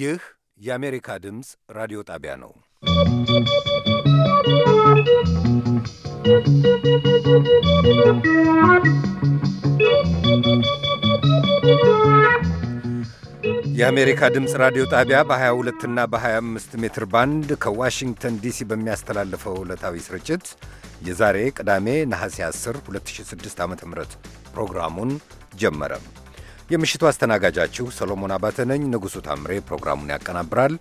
ይህ የአሜሪካ ድምፅ ራዲዮ ጣቢያ ነው። የአሜሪካ ድምፅ ራዲዮ ጣቢያ በ22 እና በ25 ሜትር ባንድ ከዋሽንግተን ዲሲ በሚያስተላልፈው ዕለታዊ ስርጭት የዛሬ ቅዳሜ ነሐሴ 10 2006 ዓ ም ፕሮግራሙን ጀመረ። የምሽቱ አስተናጋጃችሁ ሰሎሞን አባተ ነኝ። ንጉሡ ታምሬ ፕሮግራሙን ያቀናብራል።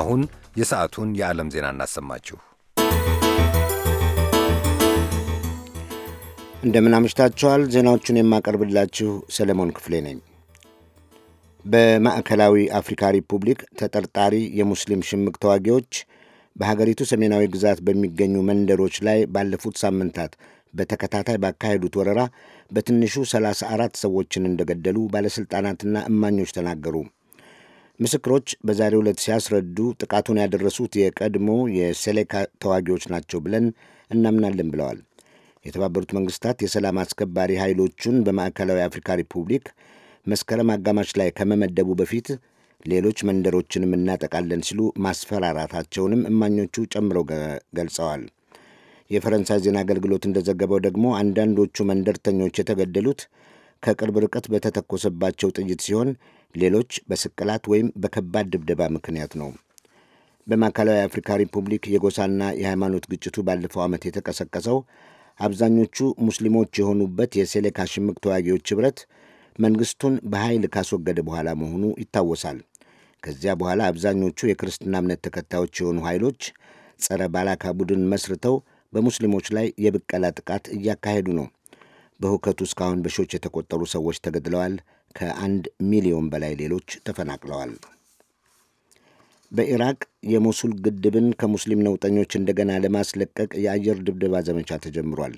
አሁን የሰዓቱን የዓለም ዜና እናሰማችሁ። እንደምን አምሽታችኋል። ዜናዎቹን የማቀርብላችሁ ሰለሞን ክፍሌ ነኝ። በማዕከላዊ አፍሪካ ሪፑብሊክ ተጠርጣሪ የሙስሊም ሽምቅ ተዋጊዎች በሀገሪቱ ሰሜናዊ ግዛት በሚገኙ መንደሮች ላይ ባለፉት ሳምንታት በተከታታይ ባካሄዱት ወረራ በትንሹ 34 ሰዎችን እንደገደሉ ባለሥልጣናትና እማኞች ተናገሩ። ምስክሮች በዛሬው ዕለት ሲያስረዱ ጥቃቱን ያደረሱት የቀድሞ የሴሌካ ተዋጊዎች ናቸው ብለን እናምናለን ብለዋል። የተባበሩት መንግስታት የሰላም አስከባሪ ኃይሎቹን በማዕከላዊ አፍሪካ ሪፑብሊክ መስከረም አጋማሽ ላይ ከመመደቡ በፊት ሌሎች መንደሮችንም እናጠቃለን ሲሉ ማስፈራራታቸውንም እማኞቹ ጨምረው ገልጸዋል። የፈረንሳይ ዜና አገልግሎት እንደዘገበው ደግሞ አንዳንዶቹ መንደርተኞች የተገደሉት ከቅርብ ርቀት በተተኮሰባቸው ጥይት ሲሆን ሌሎች በስቅላት ወይም በከባድ ድብደባ ምክንያት ነው። በማዕከላዊ አፍሪካ ሪፑብሊክ የጎሳና የሃይማኖት ግጭቱ ባለፈው ዓመት የተቀሰቀሰው አብዛኞቹ ሙስሊሞች የሆኑበት የሴሌካ ሽምቅ ተዋጊዎች ኅብረት መንግሥቱን በኃይል ካስወገደ በኋላ መሆኑ ይታወሳል። ከዚያ በኋላ አብዛኞቹ የክርስትና እምነት ተከታዮች የሆኑ ኃይሎች ጸረ ባላካ ቡድን መስርተው በሙስሊሞች ላይ የብቀላ ጥቃት እያካሄዱ ነው። በሁከቱ እስካሁን በሺዎች የተቆጠሩ ሰዎች ተገድለዋል። ከአንድ ሚሊዮን በላይ ሌሎች ተፈናቅለዋል። በኢራቅ የሞሱል ግድብን ከሙስሊም ነውጠኞች እንደገና ለማስለቀቅ የአየር ድብደባ ዘመቻ ተጀምሯል።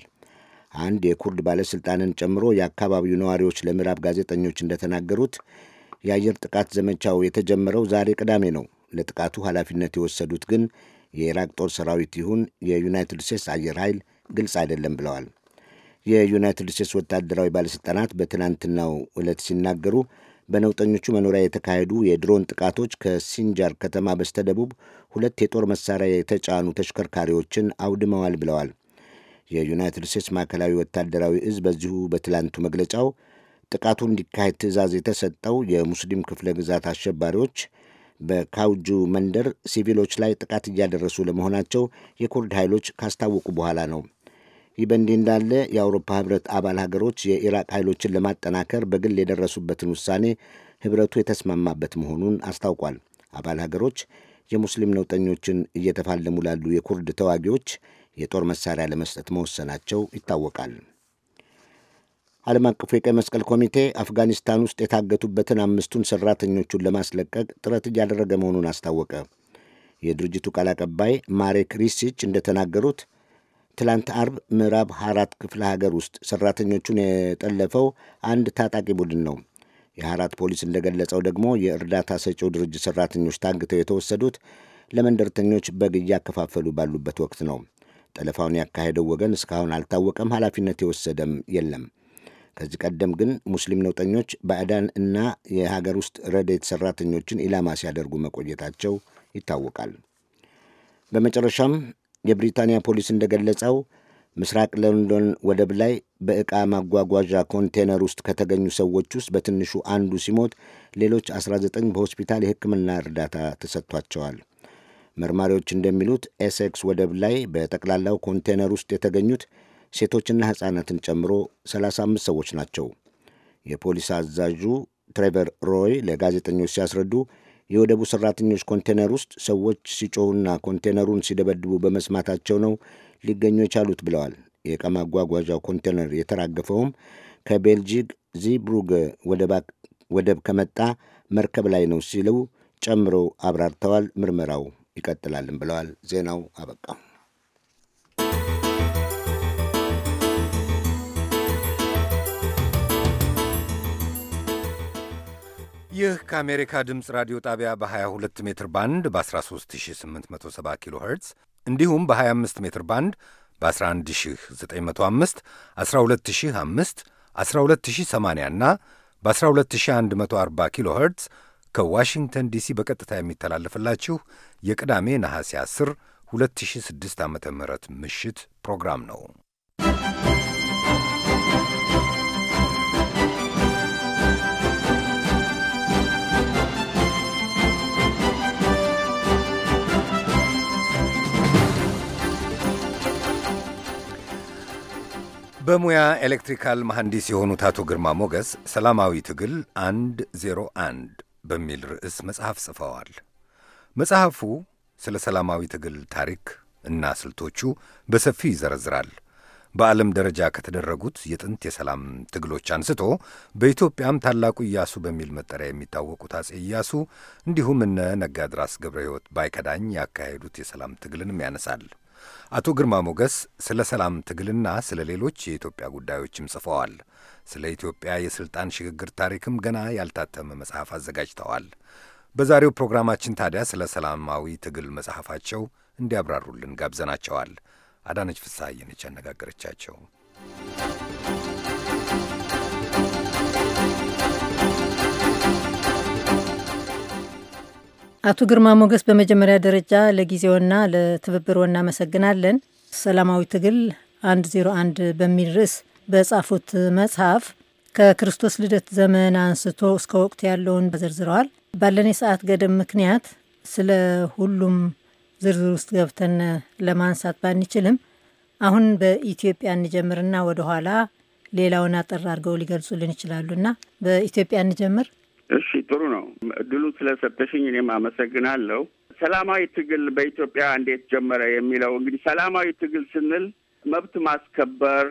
አንድ የኩርድ ባለሥልጣንን ጨምሮ የአካባቢው ነዋሪዎች ለምዕራብ ጋዜጠኞች እንደተናገሩት የአየር ጥቃት ዘመቻው የተጀመረው ዛሬ ቅዳሜ ነው። ለጥቃቱ ኃላፊነት የወሰዱት ግን የኢራቅ ጦር ሰራዊት ይሁን የዩናይትድ ስቴትስ አየር ኃይል ግልጽ አይደለም ብለዋል። የዩናይትድ ስቴትስ ወታደራዊ ባለሥልጣናት በትናንትናው ዕለት ሲናገሩ በነውጠኞቹ መኖሪያ የተካሄዱ የድሮን ጥቃቶች ከሲንጃር ከተማ በስተደቡብ ሁለት የጦር መሳሪያ የተጫኑ ተሽከርካሪዎችን አውድመዋል ብለዋል። የዩናይትድ ስቴትስ ማዕከላዊ ወታደራዊ እዝ በዚሁ በትላንቱ መግለጫው ጥቃቱ እንዲካሄድ ትዕዛዝ የተሰጠው የሙስሊም ክፍለ ግዛት አሸባሪዎች በካውጁ መንደር ሲቪሎች ላይ ጥቃት እያደረሱ ለመሆናቸው የኩርድ ኃይሎች ካስታወቁ በኋላ ነው። ይህ በእንዲህ እንዳለ የአውሮፓ ህብረት አባል ሀገሮች የኢራቅ ኃይሎችን ለማጠናከር በግል የደረሱበትን ውሳኔ ህብረቱ የተስማማበት መሆኑን አስታውቋል። አባል ሀገሮች የሙስሊም ነውጠኞችን እየተፋለሙ ላሉ የኩርድ ተዋጊዎች የጦር መሳሪያ ለመስጠት መወሰናቸው ይታወቃል። ዓለም አቀፉ የቀይ መስቀል ኮሚቴ አፍጋኒስታን ውስጥ የታገቱበትን አምስቱን ሠራተኞቹን ለማስለቀቅ ጥረት እያደረገ መሆኑን አስታወቀ። የድርጅቱ ቃል አቀባይ ማሬክ ሪሲች እንደተናገሩት ትላንት አርብ ምዕራብ ሀራት ክፍለ ሀገር ውስጥ ሠራተኞቹን የጠለፈው አንድ ታጣቂ ቡድን ነው። የሀራት ፖሊስ እንደገለጸው ደግሞ የእርዳታ ሰጪው ድርጅት ሠራተኞች ታግተው የተወሰዱት ለመንደርተኞች በግ እያከፋፈሉ ባሉበት ወቅት ነው። ጠለፋውን ያካሄደው ወገን እስካሁን አልታወቀም፣ ኃላፊነት የወሰደም የለም። ከዚህ ቀደም ግን ሙስሊም ነውጠኞች ባዕዳን እና የሀገር ውስጥ ረዴት ሰራተኞችን ኢላማ ሲያደርጉ መቆየታቸው ይታወቃል። በመጨረሻም የብሪታንያ ፖሊስ እንደገለጸው ምስራቅ ለንዶን ወደብ ላይ በዕቃ ማጓጓዣ ኮንቴነር ውስጥ ከተገኙ ሰዎች ውስጥ በትንሹ አንዱ ሲሞት ሌሎች 19 በሆስፒታል የሕክምና እርዳታ ተሰጥቷቸዋል። መርማሪዎች እንደሚሉት ኤሴክስ ወደብ ላይ በጠቅላላው ኮንቴነር ውስጥ የተገኙት ሴቶችና ሕፃናትን ጨምሮ 35 ሰዎች ናቸው። የፖሊስ አዛዡ ትሬቨር ሮይ ለጋዜጠኞች ሲያስረዱ የወደቡ ሠራተኞች ኮንቴነር ውስጥ ሰዎች ሲጮሁና ኮንቴነሩን ሲደበድቡ በመስማታቸው ነው ሊገኙ የቻሉት ብለዋል። የዕቃ ማጓጓዣው ኮንቴነር የተራገፈውም ከቤልጂግ ዚብሩግ ወደብ ከመጣ መርከብ ላይ ነው ሲሉ ጨምረው አብራርተዋል። ምርመራው ይቀጥላልን ብለዋል። ዜናው አበቃ። ይህ ከአሜሪካ ድምፅ ራዲዮ ጣቢያ በ22 ሜትር ባንድ በ13870 ኪሎ ኸርትዝ እንዲሁም በ25 ሜትር ባንድ በ11905፣ 12005፣ 12080 እና በ12140 ኪሎ ኸርትዝ ከዋሽንግተን ዲሲ በቀጥታ የሚተላለፍላችሁ የቅዳሜ ነሐሴ 10 2006 ዓ ም ምሽት ፕሮግራም ነው። በሙያ ኤሌክትሪካል መሐንዲስ የሆኑት አቶ ግርማ ሞገስ ሰላማዊ ትግል 101 በሚል ርዕስ መጽሐፍ ጽፈዋል። መጽሐፉ ስለ ሰላማዊ ትግል ታሪክ እና ስልቶቹ በሰፊው ይዘረዝራል። በዓለም ደረጃ ከተደረጉት የጥንት የሰላም ትግሎች አንስቶ በኢትዮጵያም ታላቁ ኢያሱ በሚል መጠሪያ የሚታወቁት አጼ ኢያሱ እንዲሁም እነ ነጋድራስ ገብረ ሕይወት ባይከዳኝ ያካሄዱት የሰላም ትግልንም ያነሳል። አቶ ግርማ ሞገስ ስለ ሰላም ትግልና ስለ ሌሎች የኢትዮጵያ ጉዳዮችም ጽፈዋል። ስለ ኢትዮጵያ የሥልጣን ሽግግር ታሪክም ገና ያልታተመ መጽሐፍ አዘጋጅተዋል። በዛሬው ፕሮግራማችን ታዲያ ስለ ሰላማዊ ትግል መጽሐፋቸው እንዲያብራሩልን ጋብዘናቸዋል። አዳነች ፍሳ ነች ያነጋገረቻቸው። አቶ ግርማ ሞገስ፣ በመጀመሪያ ደረጃ ለጊዜውና ለትብብሮ እናመሰግናለን። ሰላማዊ ትግል 101 በሚል ርዕስ በጻፉት መጽሐፍ ከክርስቶስ ልደት ዘመን አንስቶ እስከ ወቅት ያለውን ዘርዝረዋል። ባለን የሰዓት ገደብ ምክንያት ስለ ሁሉም ዝርዝር ውስጥ ገብተን ለማንሳት ባንችልም አሁን በኢትዮጵያ እንጀምርና ወደኋላ ሌላውን አጠር አድርገው ሊገልጹልን ይችላሉና በኢትዮጵያ እንጀምር። እሺ ጥሩ ነው። እድሉ ስለሰጠሽኝ እኔም አመሰግናለሁ። ሰላማዊ ትግል በኢትዮጵያ እንዴት ጀመረ የሚለው እንግዲህ ሰላማዊ ትግል ስንል መብት ማስከበር፣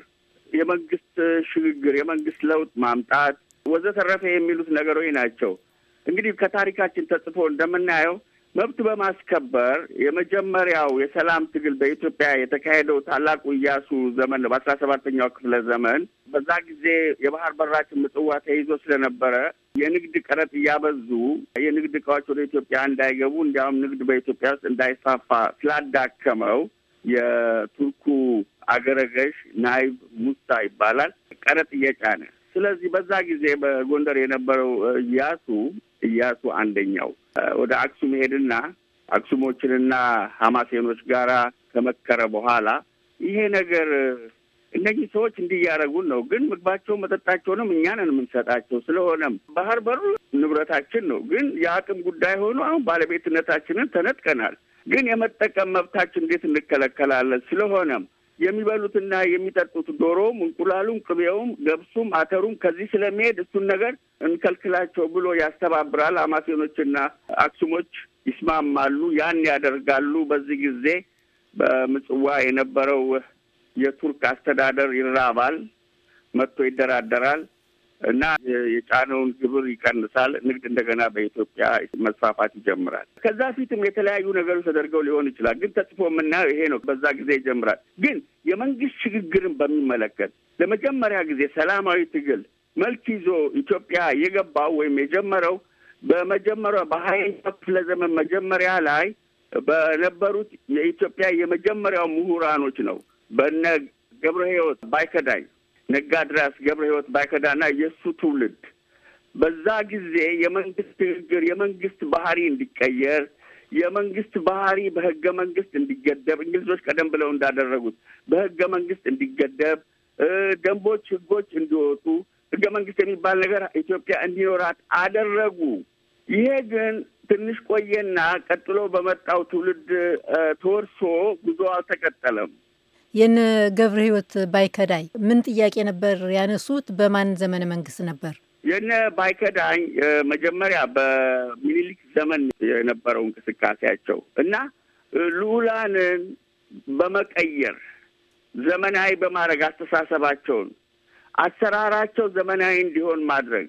የመንግስት ሽግግር፣ የመንግስት ለውጥ ማምጣት ወዘተረፈ የሚሉት ነገሮች ናቸው። እንግዲህ ከታሪካችን ተጽፎ እንደምናየው መብት በማስከበር የመጀመሪያው የሰላም ትግል በኢትዮጵያ የተካሄደው ታላቁ እያሱ ዘመን ነው። በአስራ ሰባተኛው ክፍለ ዘመን በዛ ጊዜ የባህር በራችን ምጽዋ ተይዞ ስለነበረ የንግድ ቀረጥ እያበዙ የንግድ እቃዎች ወደ ኢትዮጵያ እንዳይገቡ እንዲያውም ንግድ በኢትዮጵያ ውስጥ እንዳይስፋፋ ስላዳከመው የቱርኩ አገረገሽ ናይብ ሙሳ ይባላል ቀረጥ እየጫነ ስለዚህ በዛ ጊዜ በጎንደር የነበረው እያሱ እያሱ አንደኛው ወደ አክሱም ሄድና አክሱሞችንና ሀማሴኖች ጋራ ከመከረ በኋላ ይሄ ነገር እነዚህ ሰዎች እንዲህ እያደረጉን ነው፣ ግን ምግባቸው መጠጣቸውንም እኛንን የምንሰጣቸው ስለሆነም ባህር በሩ ንብረታችን ነው፣ ግን የአቅም ጉዳይ ሆኖ አሁን ባለቤትነታችንን ተነጥቀናል፣ ግን የመጠቀም መብታችን እንዴት እንከለከላለን? ስለሆነም የሚበሉትና የሚጠጡት ዶሮውም፣ እንቁላሉም፣ ቅቤውም፣ ገብሱም፣ አተሩም ከዚህ ስለሚሄድ እሱን ነገር እንከልክላቸው ብሎ ያስተባብራል። አማሴኖችና አክሱሞች ይስማማሉ፣ ያን ያደርጋሉ። በዚህ ጊዜ በምጽዋ የነበረው የቱርክ አስተዳደር ይራባል፣ መጥቶ ይደራደራል። እና የጫነውን ግብር ይቀንሳል። ንግድ እንደገና በኢትዮጵያ መስፋፋት ይጀምራል። ከዛ ፊትም የተለያዩ ነገሮች ተደርገው ሊሆን ይችላል። ግን ተጽፎ የምናየው ይሄ ነው። በዛ ጊዜ ይጀምራል። ግን የመንግስት ሽግግርን በሚመለከት ለመጀመሪያ ጊዜ ሰላማዊ ትግል መልክ ይዞ ኢትዮጵያ የገባው ወይም የጀመረው በመጀመሪያ በሀያኛው ክፍለ ዘመን መጀመሪያ ላይ በነበሩት የኢትዮጵያ የመጀመሪያው ምሁራኖች ነው። በነ ገብረ ሕይወት ባይከዳኝ ነጋድራስ ገብረ ህይወት ባይከዳና የእሱ ትውልድ በዛ ጊዜ የመንግስት ንግግር የመንግስት ባህሪ እንዲቀየር የመንግስት ባህሪ በህገ መንግስት እንዲገደብ እንግሊዞች ቀደም ብለው እንዳደረጉት በህገ መንግስት እንዲገደብ ደንቦች፣ ህጎች እንዲወጡ ህገ መንግስት የሚባል ነገር ኢትዮጵያ እንዲኖራት አደረጉ። ይሄ ግን ትንሽ ቆየና ቀጥሎ በመጣው ትውልድ ተወርሶ ጉዞ አልተቀጠለም። የነ ገብረ ህይወት ባይከዳኝ ምን ጥያቄ ነበር ያነሱት? በማን ዘመነ መንግስት ነበር? የነ ባይከዳኝ መጀመሪያ በሚኒሊክ ዘመን የነበረው እንቅስቃሴያቸው እና ልዑላንን በመቀየር ዘመናዊ በማድረግ አስተሳሰባቸውን፣ አሰራራቸው ዘመናዊ እንዲሆን ማድረግ፣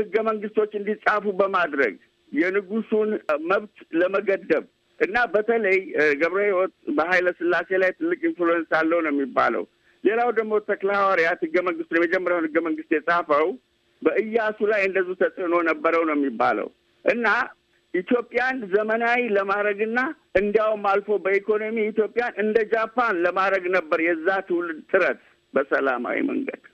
ህገ መንግስቶች እንዲጻፉ በማድረግ የንጉሱን መብት ለመገደብ እና በተለይ ገብረ ሕይወት በኃይለ ስላሴ ላይ ትልቅ ኢንፍሉዌንስ አለው ነው የሚባለው። ሌላው ደግሞ ተክለ ሐዋርያት ህገ መንግስቱ የመጀመሪያውን ህገ መንግስት የጻፈው በእያሱ ላይ እንደዙ ተጽዕኖ ነበረው ነው የሚባለው እና ኢትዮጵያን ዘመናዊ ለማድረግና እንዲያውም አልፎ በኢኮኖሚ ኢትዮጵያን እንደ ጃፓን ለማድረግ ነበር የዛ ትውልድ ጥረት በሰላማዊ መንገድ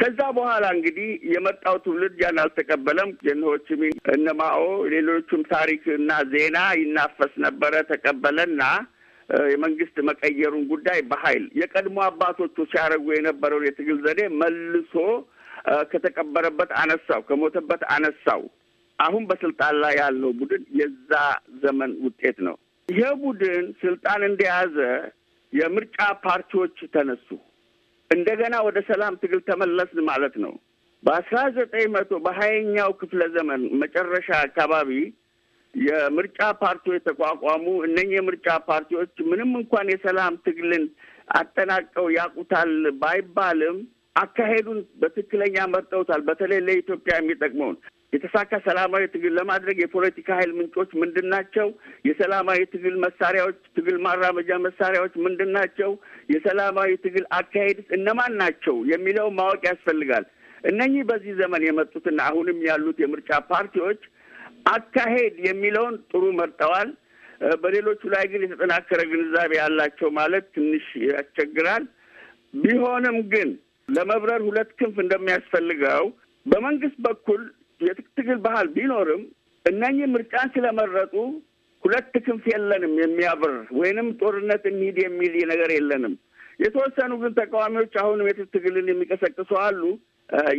ከዛ በኋላ እንግዲህ የመጣው ትውልድ ያን አልተቀበለም። የነሆችሚን እነማኦ ሌሎቹም ታሪክ እና ዜና ይናፈስ ነበረ ተቀበለና የመንግስት መቀየሩን ጉዳይ በኃይል የቀድሞ አባቶቹ ሲያደርጉ የነበረውን የትግል ዘዴ መልሶ ከተቀበረበት አነሳው፣ ከሞተበት አነሳው። አሁን በስልጣን ላይ ያለው ቡድን የዛ ዘመን ውጤት ነው። ይሄ ቡድን ስልጣን እንደያዘ የምርጫ ፓርቲዎች ተነሱ። እንደገና ወደ ሰላም ትግል ተመለስን ማለት ነው። በአስራ ዘጠኝ መቶ በሀያኛው ክፍለ ዘመን መጨረሻ አካባቢ የምርጫ ፓርቲዎች የተቋቋሙ እነኚህ የምርጫ ፓርቲዎች ምንም እንኳን የሰላም ትግልን አጠናቀው ያቁታል ባይባልም አካሄዱን በትክክለኛ መርጠውታል። በተለይ ለኢትዮጵያ የሚጠቅመውን የተሳካ ሰላማዊ ትግል ለማድረግ የፖለቲካ ኃይል ምንጮች ምንድን ናቸው? የሰላማዊ ትግል መሳሪያዎች፣ ትግል ማራመጃ መሳሪያዎች ምንድን ናቸው? የሰላማዊ ትግል አካሄድስ እነማን ናቸው የሚለው ማወቅ ያስፈልጋል። እነኚህ በዚህ ዘመን የመጡትና አሁንም ያሉት የምርጫ ፓርቲዎች አካሄድ የሚለውን ጥሩ መርጠዋል። በሌሎቹ ላይ ግን የተጠናከረ ግንዛቤ ያላቸው ማለት ትንሽ ያስቸግራል። ቢሆንም ግን ለመብረር ሁለት ክንፍ እንደሚያስፈልገው በመንግስት በኩል የትግል ባህል ቢኖርም እነኚህ ምርጫን ስለመረጡ ሁለት ክንፍ የለንም የሚያብር ወይንም ጦርነት እንሂድ የሚል ነገር የለንም። የተወሰኑ ግን ተቃዋሚዎች አሁንም የትጥቅ የሚቀሰቅሱ አሉ።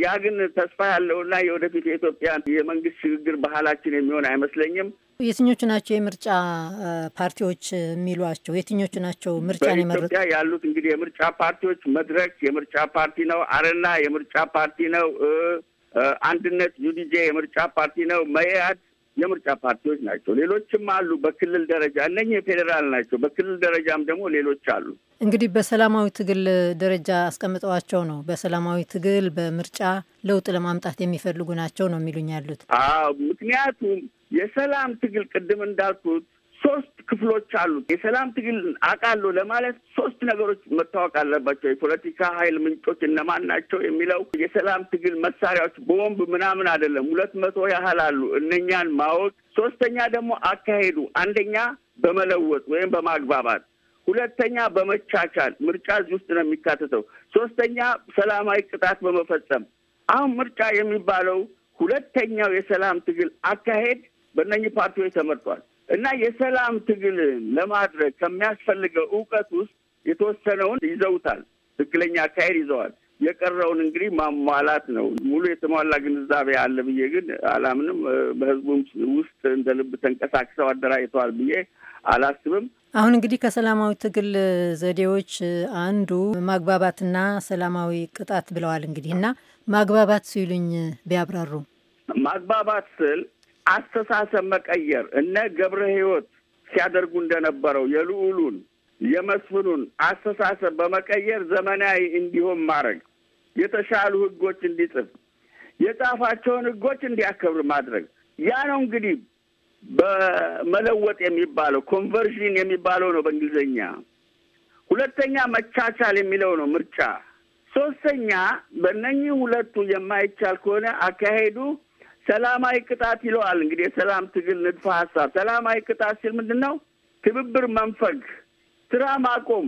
ያ ግን ተስፋ ያለውና የወደፊት የኢትዮጵያ የመንግስት ሽግግር ባህላችን የሚሆን አይመስለኝም። የትኞቹ ናቸው የምርጫ ፓርቲዎች የሚሏቸው? የትኞቹ ናቸው ምርጫን የመረጡ? ያሉት እንግዲህ የምርጫ ፓርቲዎች መድረክ የምርጫ ፓርቲ ነው፣ አረና የምርጫ ፓርቲ ነው አንድነት ዩዲጄ የምርጫ ፓርቲ ነው። መኢአድ የምርጫ ፓርቲዎች ናቸው። ሌሎችም አሉ በክልል ደረጃ እነኚህ የፌዴራል ናቸው። በክልል ደረጃም ደግሞ ሌሎች አሉ። እንግዲህ በሰላማዊ ትግል ደረጃ አስቀምጠዋቸው ነው። በሰላማዊ ትግል በምርጫ ለውጥ ለማምጣት የሚፈልጉ ናቸው ነው የሚሉኝ ያሉት። አዎ ምክንያቱም የሰላም ትግል ቅድም እንዳልኩት ሶስት ክፍሎች አሉት። የሰላም ትግል አውቃለሁ ለማለት ሶስት ነገሮች መታወቅ አለባቸው። የፖለቲካ ኃይል ምንጮች እነማን ናቸው የሚለው የሰላም ትግል መሳሪያዎች ቦምብ ምናምን አይደለም። ሁለት መቶ ያህል አሉ። እነኛን ማወቅ። ሶስተኛ ደግሞ አካሄዱ፣ አንደኛ በመለወጥ ወይም በማግባባት፣ ሁለተኛ በመቻቻል ምርጫ እዚህ ውስጥ ነው የሚካተተው። ሶስተኛ ሰላማዊ ቅጣት በመፈጸም አሁን ምርጫ የሚባለው ሁለተኛው የሰላም ትግል አካሄድ በእነኚህ ፓርቲዎች ተመርጧል። እና የሰላም ትግል ለማድረግ ከሚያስፈልገው እውቀት ውስጥ የተወሰነውን ይዘውታል። ትክክለኛ አካሄድ ይዘዋል። የቀረውን እንግዲህ ማሟላት ነው። ሙሉ የተሟላ ግንዛቤ አለ ብዬ ግን አላምንም። በህዝቡም ውስጥ እንደ ልብ ተንቀሳቅሰው አደራጅተዋል ብዬ አላስብም። አሁን እንግዲህ ከሰላማዊ ትግል ዘዴዎች አንዱ ማግባባትና ሰላማዊ ቅጣት ብለዋል። እንግዲህ እና ማግባባት ሲሉኝ ቢያብራሩ። ማግባባት ስል አስተሳሰብ መቀየር እነ ገብረ ህይወት ሲያደርጉ እንደነበረው የልዑሉን የመስፍኑን አስተሳሰብ በመቀየር ዘመናዊ እንዲሆን ማድረግ፣ የተሻሉ ህጎች እንዲጽፍ፣ የጻፋቸውን ህጎች እንዲያከብር ማድረግ ያ ነው እንግዲህ በመለወጥ የሚባለው ኮንቨርዥን የሚባለው ነው በእንግሊዝኛ። ሁለተኛ መቻቻል የሚለው ነው ምርጫ። ሶስተኛ በእነኚህ ሁለቱ የማይቻል ከሆነ አካሄዱ ሰላማዊ ቅጣት ይለዋል። እንግዲህ የሰላም ትግል ንድፈ ሀሳብ ሰላማዊ ቅጣት ሲል ምንድን ነው? ትብብር መንፈግ፣ ስራ ማቆም፣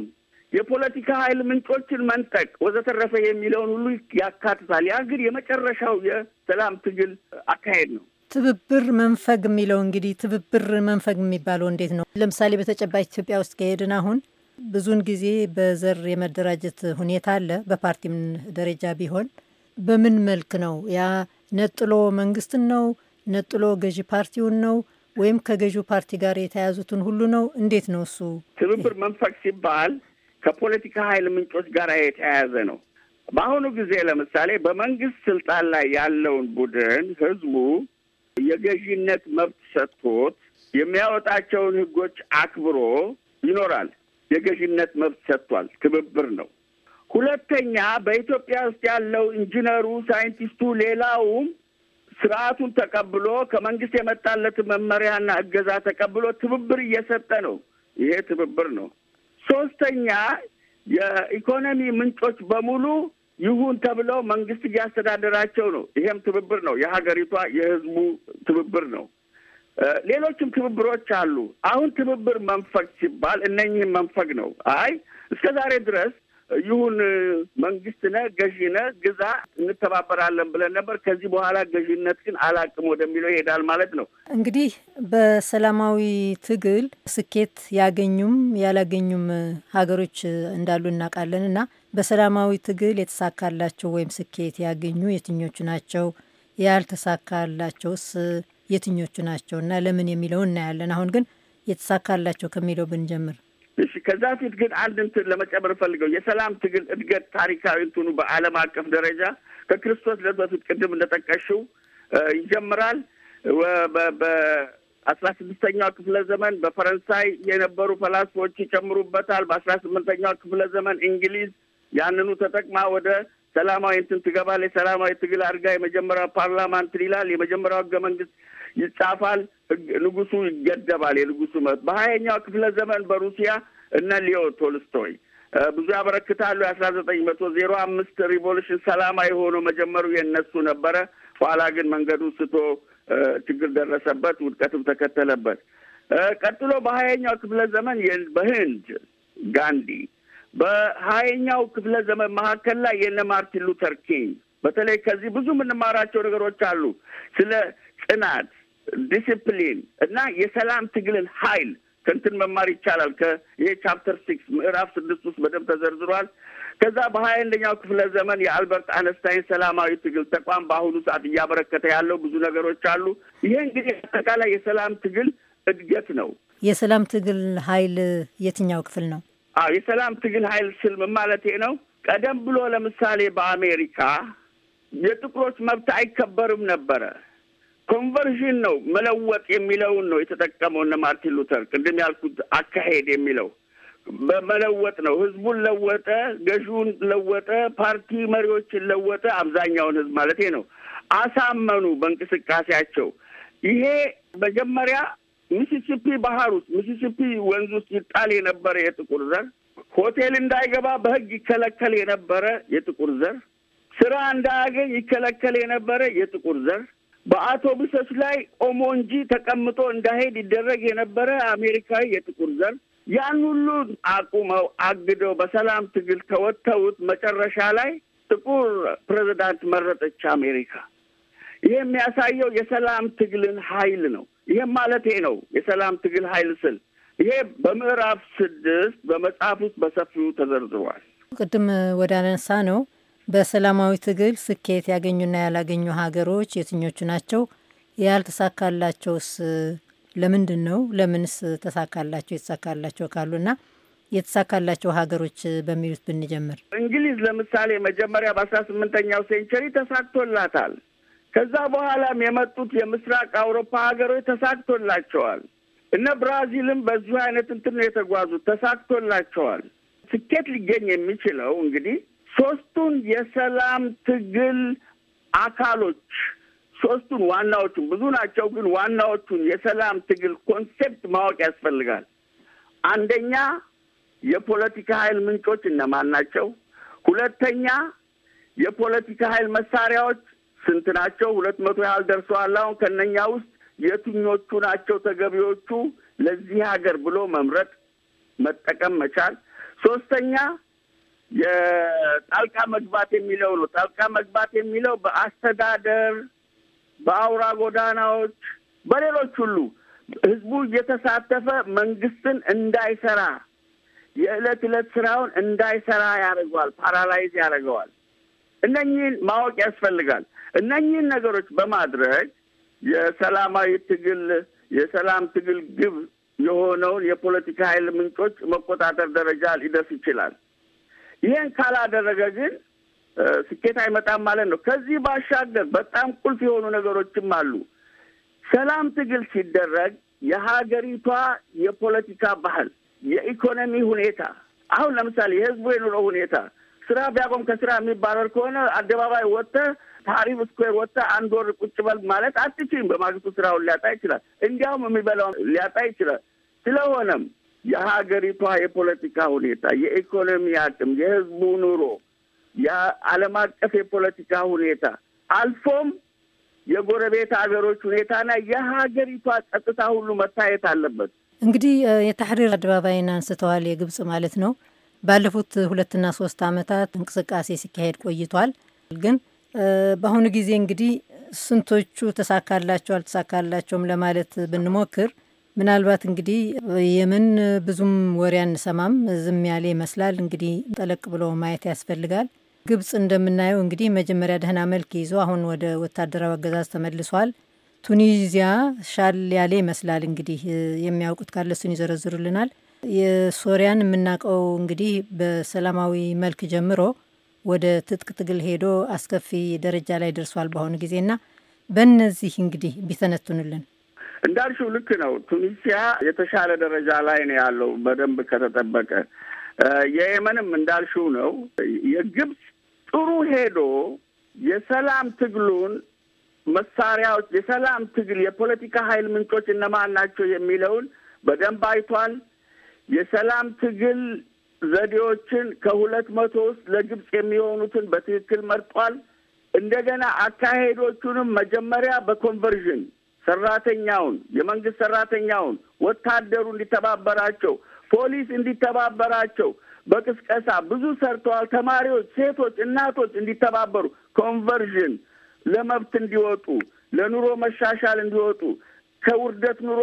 የፖለቲካ ኃይል ምንጮችን መንጠቅ ወዘተረፈ የሚለውን ሁሉ ያካትታል። ያ ግን የመጨረሻው የሰላም ትግል አካሄድ ነው። ትብብር መንፈግ የሚለው እንግዲህ ትብብር መንፈግ የሚባለው እንዴት ነው? ለምሳሌ በተጨባጭ ኢትዮጵያ ውስጥ ከሄድን አሁን ብዙውን ጊዜ በዘር የመደራጀት ሁኔታ አለ። በፓርቲም ደረጃ ቢሆን በምን መልክ ነው ያ ነጥሎ መንግስትን ነው? ነጥሎ ገዢ ፓርቲውን ነው? ወይም ከገዢው ፓርቲ ጋር የተያያዙትን ሁሉ ነው? እንዴት ነው እሱ? ትብብር መንፈቅ ሲባል ከፖለቲካ ኃይል ምንጮች ጋር የተያያዘ ነው። በአሁኑ ጊዜ ለምሳሌ በመንግስት ስልጣን ላይ ያለውን ቡድን ህዝቡ የገዢነት መብት ሰጥቶት የሚያወጣቸውን ህጎች አክብሮ ይኖራል። የገዢነት መብት ሰጥቷል። ትብብር ነው። ሁለተኛ በኢትዮጵያ ውስጥ ያለው ኢንጂነሩ፣ ሳይንቲስቱ፣ ሌላውም ስርዓቱን ተቀብሎ ከመንግስት የመጣለት መመሪያና እገዛ ተቀብሎ ትብብር እየሰጠ ነው። ይሄ ትብብር ነው። ሶስተኛ የኢኮኖሚ ምንጮች በሙሉ ይሁን ተብለው መንግስት እያስተዳደራቸው ነው። ይሄም ትብብር ነው። የሀገሪቷ የህዝቡ ትብብር ነው። ሌሎችም ትብብሮች አሉ። አሁን ትብብር መንፈግ ሲባል እነኝህም መንፈግ ነው። አይ እስከ ዛሬ ድረስ ይሁን መንግስት ገዢነ ገዢ ግዛ እንተባበራለን ብለን ነበር። ከዚህ በኋላ ገዢነት ግን አላቅም ወደሚለው ይሄዳል ማለት ነው። እንግዲህ በሰላማዊ ትግል ስኬት ያገኙም ያላገኙም ሀገሮች እንዳሉ እናውቃለን እና በሰላማዊ ትግል የተሳካላቸው ወይም ስኬት ያገኙ የትኞቹ ናቸው? ያልተሳካላቸውስ የትኞቹ ናቸው? እና ለምን የሚለው እናያለን። አሁን ግን የተሳካላቸው ከሚለው ብንጀምር እሺ ከዛ ፊት ግን አንድ እንትን ለመጨመር ፈልገው የሰላም ትግል እድገት ታሪካዊ እንትኑ በዓለም አቀፍ ደረጃ ከክርስቶስ ልደት በፊት ቅድም እንደጠቀሽው ይጀምራል። በአስራ ስድስተኛው ክፍለ ዘመን በፈረንሳይ የነበሩ ፈላስፎች ይጨምሩበታል። በአስራ ስምንተኛው ክፍለ ዘመን እንግሊዝ ያንኑ ተጠቅማ ወደ ሰላማዊ እንትን ትገባል። የሰላማዊ ትግል አድርጋ የመጀመሪያው ፓርላማ እንትን ይላል። የመጀመሪያው ህገ መንግስት ይጻፋል። ንጉሱ ይገደባል። የንጉሱ መብት በሀያኛው ክፍለ ዘመን በሩሲያ እነ ሊዮ ቶልስቶይ ብዙ ያበረክታሉ። የአስራ ዘጠኝ መቶ ዜሮ አምስት ሪቮሉሽን ሰላማዊ ሆኖ መጀመሩ የነሱ ነበረ። ኋላ ግን መንገዱ ስቶ ችግር ደረሰበት፣ ውድቀትም ተከተለበት። ቀጥሎ በሀያኛው ክፍለ ዘመን በህንድ ጋንዲ፣ በሀያኛው ክፍለ ዘመን መካከል ላይ የነ ማርቲን ሉተር ኪንግ በተለይ ከዚህ ብዙ የምንማራቸው ነገሮች አሉ ስለ ጽናት ዲስፕሊን እና የሰላም ትግልን ኃይል ከንትን መማር ይቻላል። ይሄ ቻፕተር ሲክስ ምዕራፍ ስድስት ውስጥ በደንብ ተዘርዝሯል። ከዛ በሀያ አንደኛው ክፍለ ዘመን የአልበርት አነስታይን ሰላማዊ ትግል ተቋም በአሁኑ ሰዓት እያበረከተ ያለው ብዙ ነገሮች አሉ። ይሄ እንግዲህ አጠቃላይ የሰላም ትግል እድገት ነው። የሰላም ትግል ኃይል የትኛው ክፍል ነው? አዎ የሰላም ትግል ኃይል ስልም ማለት ማለቴ ነው? ቀደም ብሎ ለምሳሌ በአሜሪካ የጥቁሮች መብት አይከበርም ነበረ። ኮንቨርዥን ነው መለወጥ የሚለውን ነው የተጠቀመው። እነ ማርቲን ሉተር ቅድም ያልኩት አካሄድ የሚለው በመለወጥ ነው። ህዝቡን ለወጠ፣ ገዢውን ለወጠ፣ ፓርቲ መሪዎችን ለወጠ፣ አብዛኛውን ህዝብ ማለት ነው። አሳመኑ በእንቅስቃሴያቸው። ይሄ መጀመሪያ ሚሲሲፒ ባህር ውስጥ ሚሲሲፒ ወንዝ ውስጥ ይጣል የነበረ የጥቁር ዘር፣ ሆቴል እንዳይገባ በህግ ይከለከል የነበረ የጥቁር ዘር፣ ስራ እንዳያገኝ ይከለከል የነበረ የጥቁር ዘር በአውቶቡሶች ላይ ኦሞ እንጂ ተቀምጦ እንዳሄድ ይደረግ የነበረ አሜሪካዊ የጥቁር ዘር ያን ሁሉ አቁመው አግደው በሰላም ትግል ተወተውት መጨረሻ ላይ ጥቁር ፕሬዚዳንት መረጠች አሜሪካ። ይህ የሚያሳየው የሰላም ትግልን ኃይል ነው። ይህም ማለት ነው የሰላም ትግል ኃይል ስል ይሄ በምዕራፍ ስድስት በመጽሐፍ ውስጥ በሰፊው ተዘርዝሯል። ቅድም ወደ አነሳ ነው በሰላማዊ ትግል ስኬት ያገኙና ያላገኙ ሀገሮች የትኞቹ ናቸው? ያልተሳካላቸውስ ለምንድን ነው? ለምንስ ተሳካላቸው? የተሳካላቸው ካሉና የተሳካላቸው ሀገሮች በሚሉት ብንጀምር፣ እንግሊዝ ለምሳሌ መጀመሪያ በአስራ ስምንተኛው ሴንቸሪ ተሳክቶላታል። ከዛ በኋላም የመጡት የምስራቅ አውሮፓ ሀገሮች ተሳክቶላቸዋል። እነ ብራዚልም በዚሁ አይነት እንትን ነው የተጓዙት፣ ተሳክቶላቸዋል። ስኬት ሊገኝ የሚችለው እንግዲህ ሶስቱን የሰላም ትግል አካሎች ሶስቱን ዋናዎቹን ብዙ ናቸው፣ ግን ዋናዎቹን የሰላም ትግል ኮንሴፕት ማወቅ ያስፈልጋል። አንደኛ የፖለቲካ ኃይል ምንጮች እነማን ናቸው? ሁለተኛ የፖለቲካ ኃይል መሳሪያዎች ስንት ናቸው? ሁለት መቶ ያህል ደርሰዋል። አሁን ከነኛ ውስጥ የትኞቹ ናቸው ተገቢዎቹ ለዚህ ሀገር ብሎ መምረጥ መጠቀም መቻል። ሶስተኛ የጣልቃ መግባት የሚለው ነው። ጣልቃ መግባት የሚለው በአስተዳደር፣ በአውራ ጎዳናዎች፣ በሌሎች ሁሉ ህዝቡ እየተሳተፈ መንግስትን እንዳይሰራ የዕለት ዕለት ስራውን እንዳይሰራ ያደርገዋል፣ ፓራላይዝ ያደርገዋል። እነኚህን ማወቅ ያስፈልጋል። እነኚህን ነገሮች በማድረግ የሰላማዊ ትግል የሰላም ትግል ግብ የሆነውን የፖለቲካ ኃይል ምንጮች መቆጣጠር ደረጃ ሊደርስ ይችላል። ይህን ካላደረገ ግን ስኬት አይመጣም ማለት ነው። ከዚህ ባሻገር በጣም ቁልፍ የሆኑ ነገሮችም አሉ። ሰላም ትግል ሲደረግ የሀገሪቷ የፖለቲካ ባህል፣ የኢኮኖሚ ሁኔታ አሁን ለምሳሌ የህዝቡ የኑሮ ሁኔታ ስራ ቢያቆም ከስራ የሚባረር ከሆነ አደባባይ ወጥተ ታሪፍ ስኩዌር ወጥተ አንድ ወር ቁጭ በል ማለት አትችልም። በማግስቱ ስራውን ሊያጣ ይችላል። እንዲያውም የሚበላውን ሊያጣ ይችላል። ስለሆነም የሀገሪቷ የፖለቲካ ሁኔታ፣ የኢኮኖሚ አቅም፣ የህዝቡ ኑሮ፣ የዓለም አቀፍ የፖለቲካ ሁኔታ አልፎም የጎረቤት ሀገሮች ሁኔታና የሀገሪቷ ጸጥታ ሁሉ መታየት አለበት። እንግዲህ የታሕሪር አደባባይን አንስተዋል፣ የግብጽ ማለት ነው። ባለፉት ሁለትና ሶስት አመታት እንቅስቃሴ ሲካሄድ ቆይቷል። ግን በአሁኑ ጊዜ እንግዲህ ስንቶቹ ተሳካላቸው አልተሳካላቸውም ለማለት ብንሞክር ምናልባት እንግዲህ የምን ብዙም ወሬ አንሰማም፣ ዝም ያለ ይመስላል። እንግዲህ ጠለቅ ብሎ ማየት ያስፈልጋል። ግብጽ እንደምናየው እንግዲህ መጀመሪያ ደህና መልክ ይዞ አሁን ወደ ወታደራዊ አገዛዝ ተመልሷል። ቱኒዚያ ሻል ያለ ይመስላል። እንግዲህ የሚያውቁት ካለ እሱን ይዘረዝሩልናል። የሶሪያን የምናውቀው እንግዲህ በሰላማዊ መልክ ጀምሮ ወደ ትጥቅ ትግል ሄዶ አስከፊ ደረጃ ላይ ደርሷል በአሁኑ ጊዜና በእነዚህ እንግዲህ ቢተነትኑልን እንዳልሽው ልክ ነው። ቱኒሲያ የተሻለ ደረጃ ላይ ነው ያለው በደንብ ከተጠበቀ። የየመንም እንዳልሽው ነው። የግብፅ ጥሩ ሄዶ የሰላም ትግሉን መሳሪያዎች፣ የሰላም ትግል የፖለቲካ ኃይል ምንጮች እነማን ናቸው የሚለውን በደንብ አይቷል። የሰላም ትግል ዘዴዎችን ከሁለት መቶ ውስጥ ለግብፅ የሚሆኑትን በትክክል መርጧል። እንደገና አካሄዶቹንም መጀመሪያ በኮንቨርዥን ሰራተኛውን፣ የመንግስት ሰራተኛውን፣ ወታደሩ እንዲተባበራቸው፣ ፖሊስ እንዲተባበራቸው በቅስቀሳ ብዙ ሰርተዋል። ተማሪዎች፣ ሴቶች፣ እናቶች እንዲተባበሩ ኮንቨርዥን ለመብት እንዲወጡ ለኑሮ መሻሻል እንዲወጡ ከውርደት ኑሮ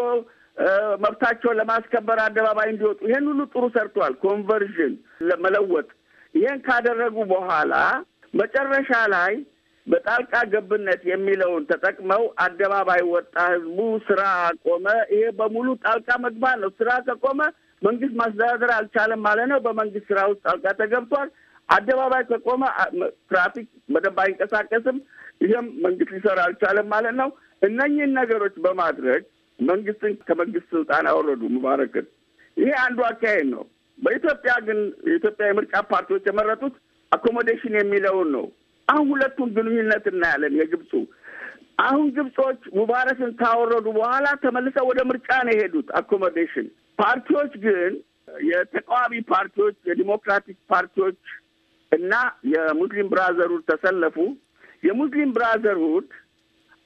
መብታቸውን ለማስከበር አደባባይ እንዲወጡ ይሄን ሁሉ ጥሩ ሰርተዋል። ኮንቨርዥን ለመለወጥ ይሄን ካደረጉ በኋላ መጨረሻ ላይ በጣልቃ ገብነት የሚለውን ተጠቅመው አደባባይ ወጣ፣ ህዝቡ ስራ ቆመ። ይሄ በሙሉ ጣልቃ መግባ ነው። ስራ ከቆመ መንግስት ማስተዳደር አልቻለም ማለት ነው። በመንግስት ስራ ውስጥ ጣልቃ ተገብቷል። አደባባይ ከቆመ ትራፊክ በደንብ አይንቀሳቀስም። ይህም መንግስት ሊሰራ አልቻለም ማለት ነው። እነኝህን ነገሮች በማድረግ መንግስትን ከመንግስት ስልጣን አወረዱ ሙባረክን። ይሄ አንዱ አካሄድ ነው። በኢትዮጵያ ግን የኢትዮጵያ የምርጫ ፓርቲዎች የመረጡት አኮሞዴሽን የሚለውን ነው። አሁን ሁለቱን ግንኙነት እናያለን። የግብፁ አሁን ግብጾች ሙባረክን ካወረዱ በኋላ ተመልሰው ወደ ምርጫ ነው የሄዱት አኮሞዴሽን። ፓርቲዎች ግን የተቃዋሚ ፓርቲዎች የዲሞክራቲክ ፓርቲዎች እና የሙስሊም ብራዘርሁድ ተሰለፉ። የሙስሊም ብራዘርሁድ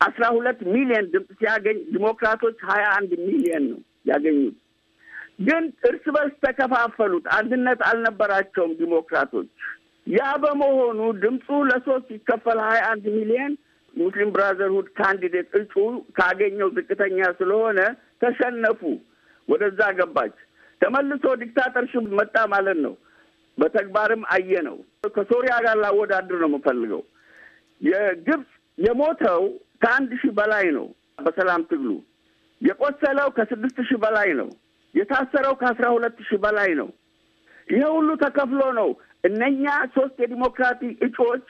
አስራ ሁለት ሚሊዮን ድምፅ ሲያገኝ ዲሞክራቶች ሀያ አንድ ሚሊዮን ነው ያገኙት። ግን እርስ በርስ ተከፋፈሉት። አንድነት አልነበራቸውም ዲሞክራቶች ያ በመሆኑ ድምፁ ለሶስት ይከፈል ሀያ አንድ ሚሊየን ሙስሊም ብራዘርሁድ ካንዲዴት እጩ ካገኘው ዝቅተኛ ስለሆነ ተሸነፉ። ወደዛ ገባች። ተመልሶ ዲክታተርሽፕ መጣ ማለት ነው። በተግባርም አየ ነው። ከሶሪያ ጋር ላወዳድር ነው የምፈልገው። የግብፅ የሞተው ከአንድ ሺህ በላይ ነው በሰላም ትግሉ። የቆሰለው ከስድስት ሺህ በላይ ነው። የታሰረው ከአስራ ሁለት ሺህ በላይ ነው። ይሄ ሁሉ ተከፍሎ ነው እነኛ ሶስት የዲሞክራሲ እጩዎች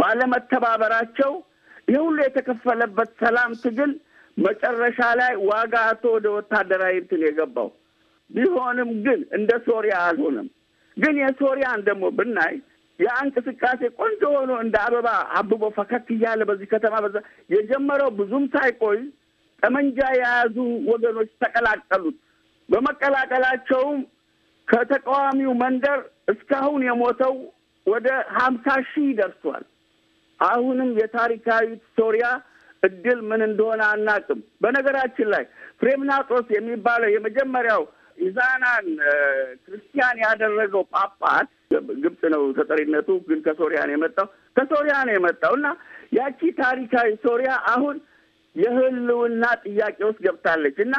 ባለመተባበራቸው ይህ ሁሉ የተከፈለበት ሰላም ትግል መጨረሻ ላይ ዋጋ አቶ ወደ ወታደራዊ እንትን የገባው ቢሆንም ግን እንደ ሶሪያ አልሆነም። ግን የሶሪያን ደግሞ ብናይ ያ እንቅስቃሴ ቆንጆ ሆኖ እንደ አበባ አብቦ ፈከክ እያለ በዚህ ከተማ በዛ የጀመረው ብዙም ሳይቆይ ጠመንጃ የያዙ ወገኖች ተቀላቀሉት። በመቀላቀላቸውም ከተቃዋሚው መንደር እስካሁን የሞተው ወደ ሀምሳ ሺህ ደርሷል። አሁንም የታሪካዊት ሶሪያ እድል ምን እንደሆነ አናቅም። በነገራችን ላይ ፍሬምናጦስ የሚባለው የመጀመሪያው ኢዛናን ክርስቲያን ያደረገው ጳጳስ ግብጽ ነው ተጠሪነቱ፣ ግን ከሶሪያ ነው የመጣው ከሶሪያ ነው የመጣው እና ያቺ ታሪካዊ ሶሪያ አሁን የህልውና ጥያቄ ውስጥ ገብታለች እና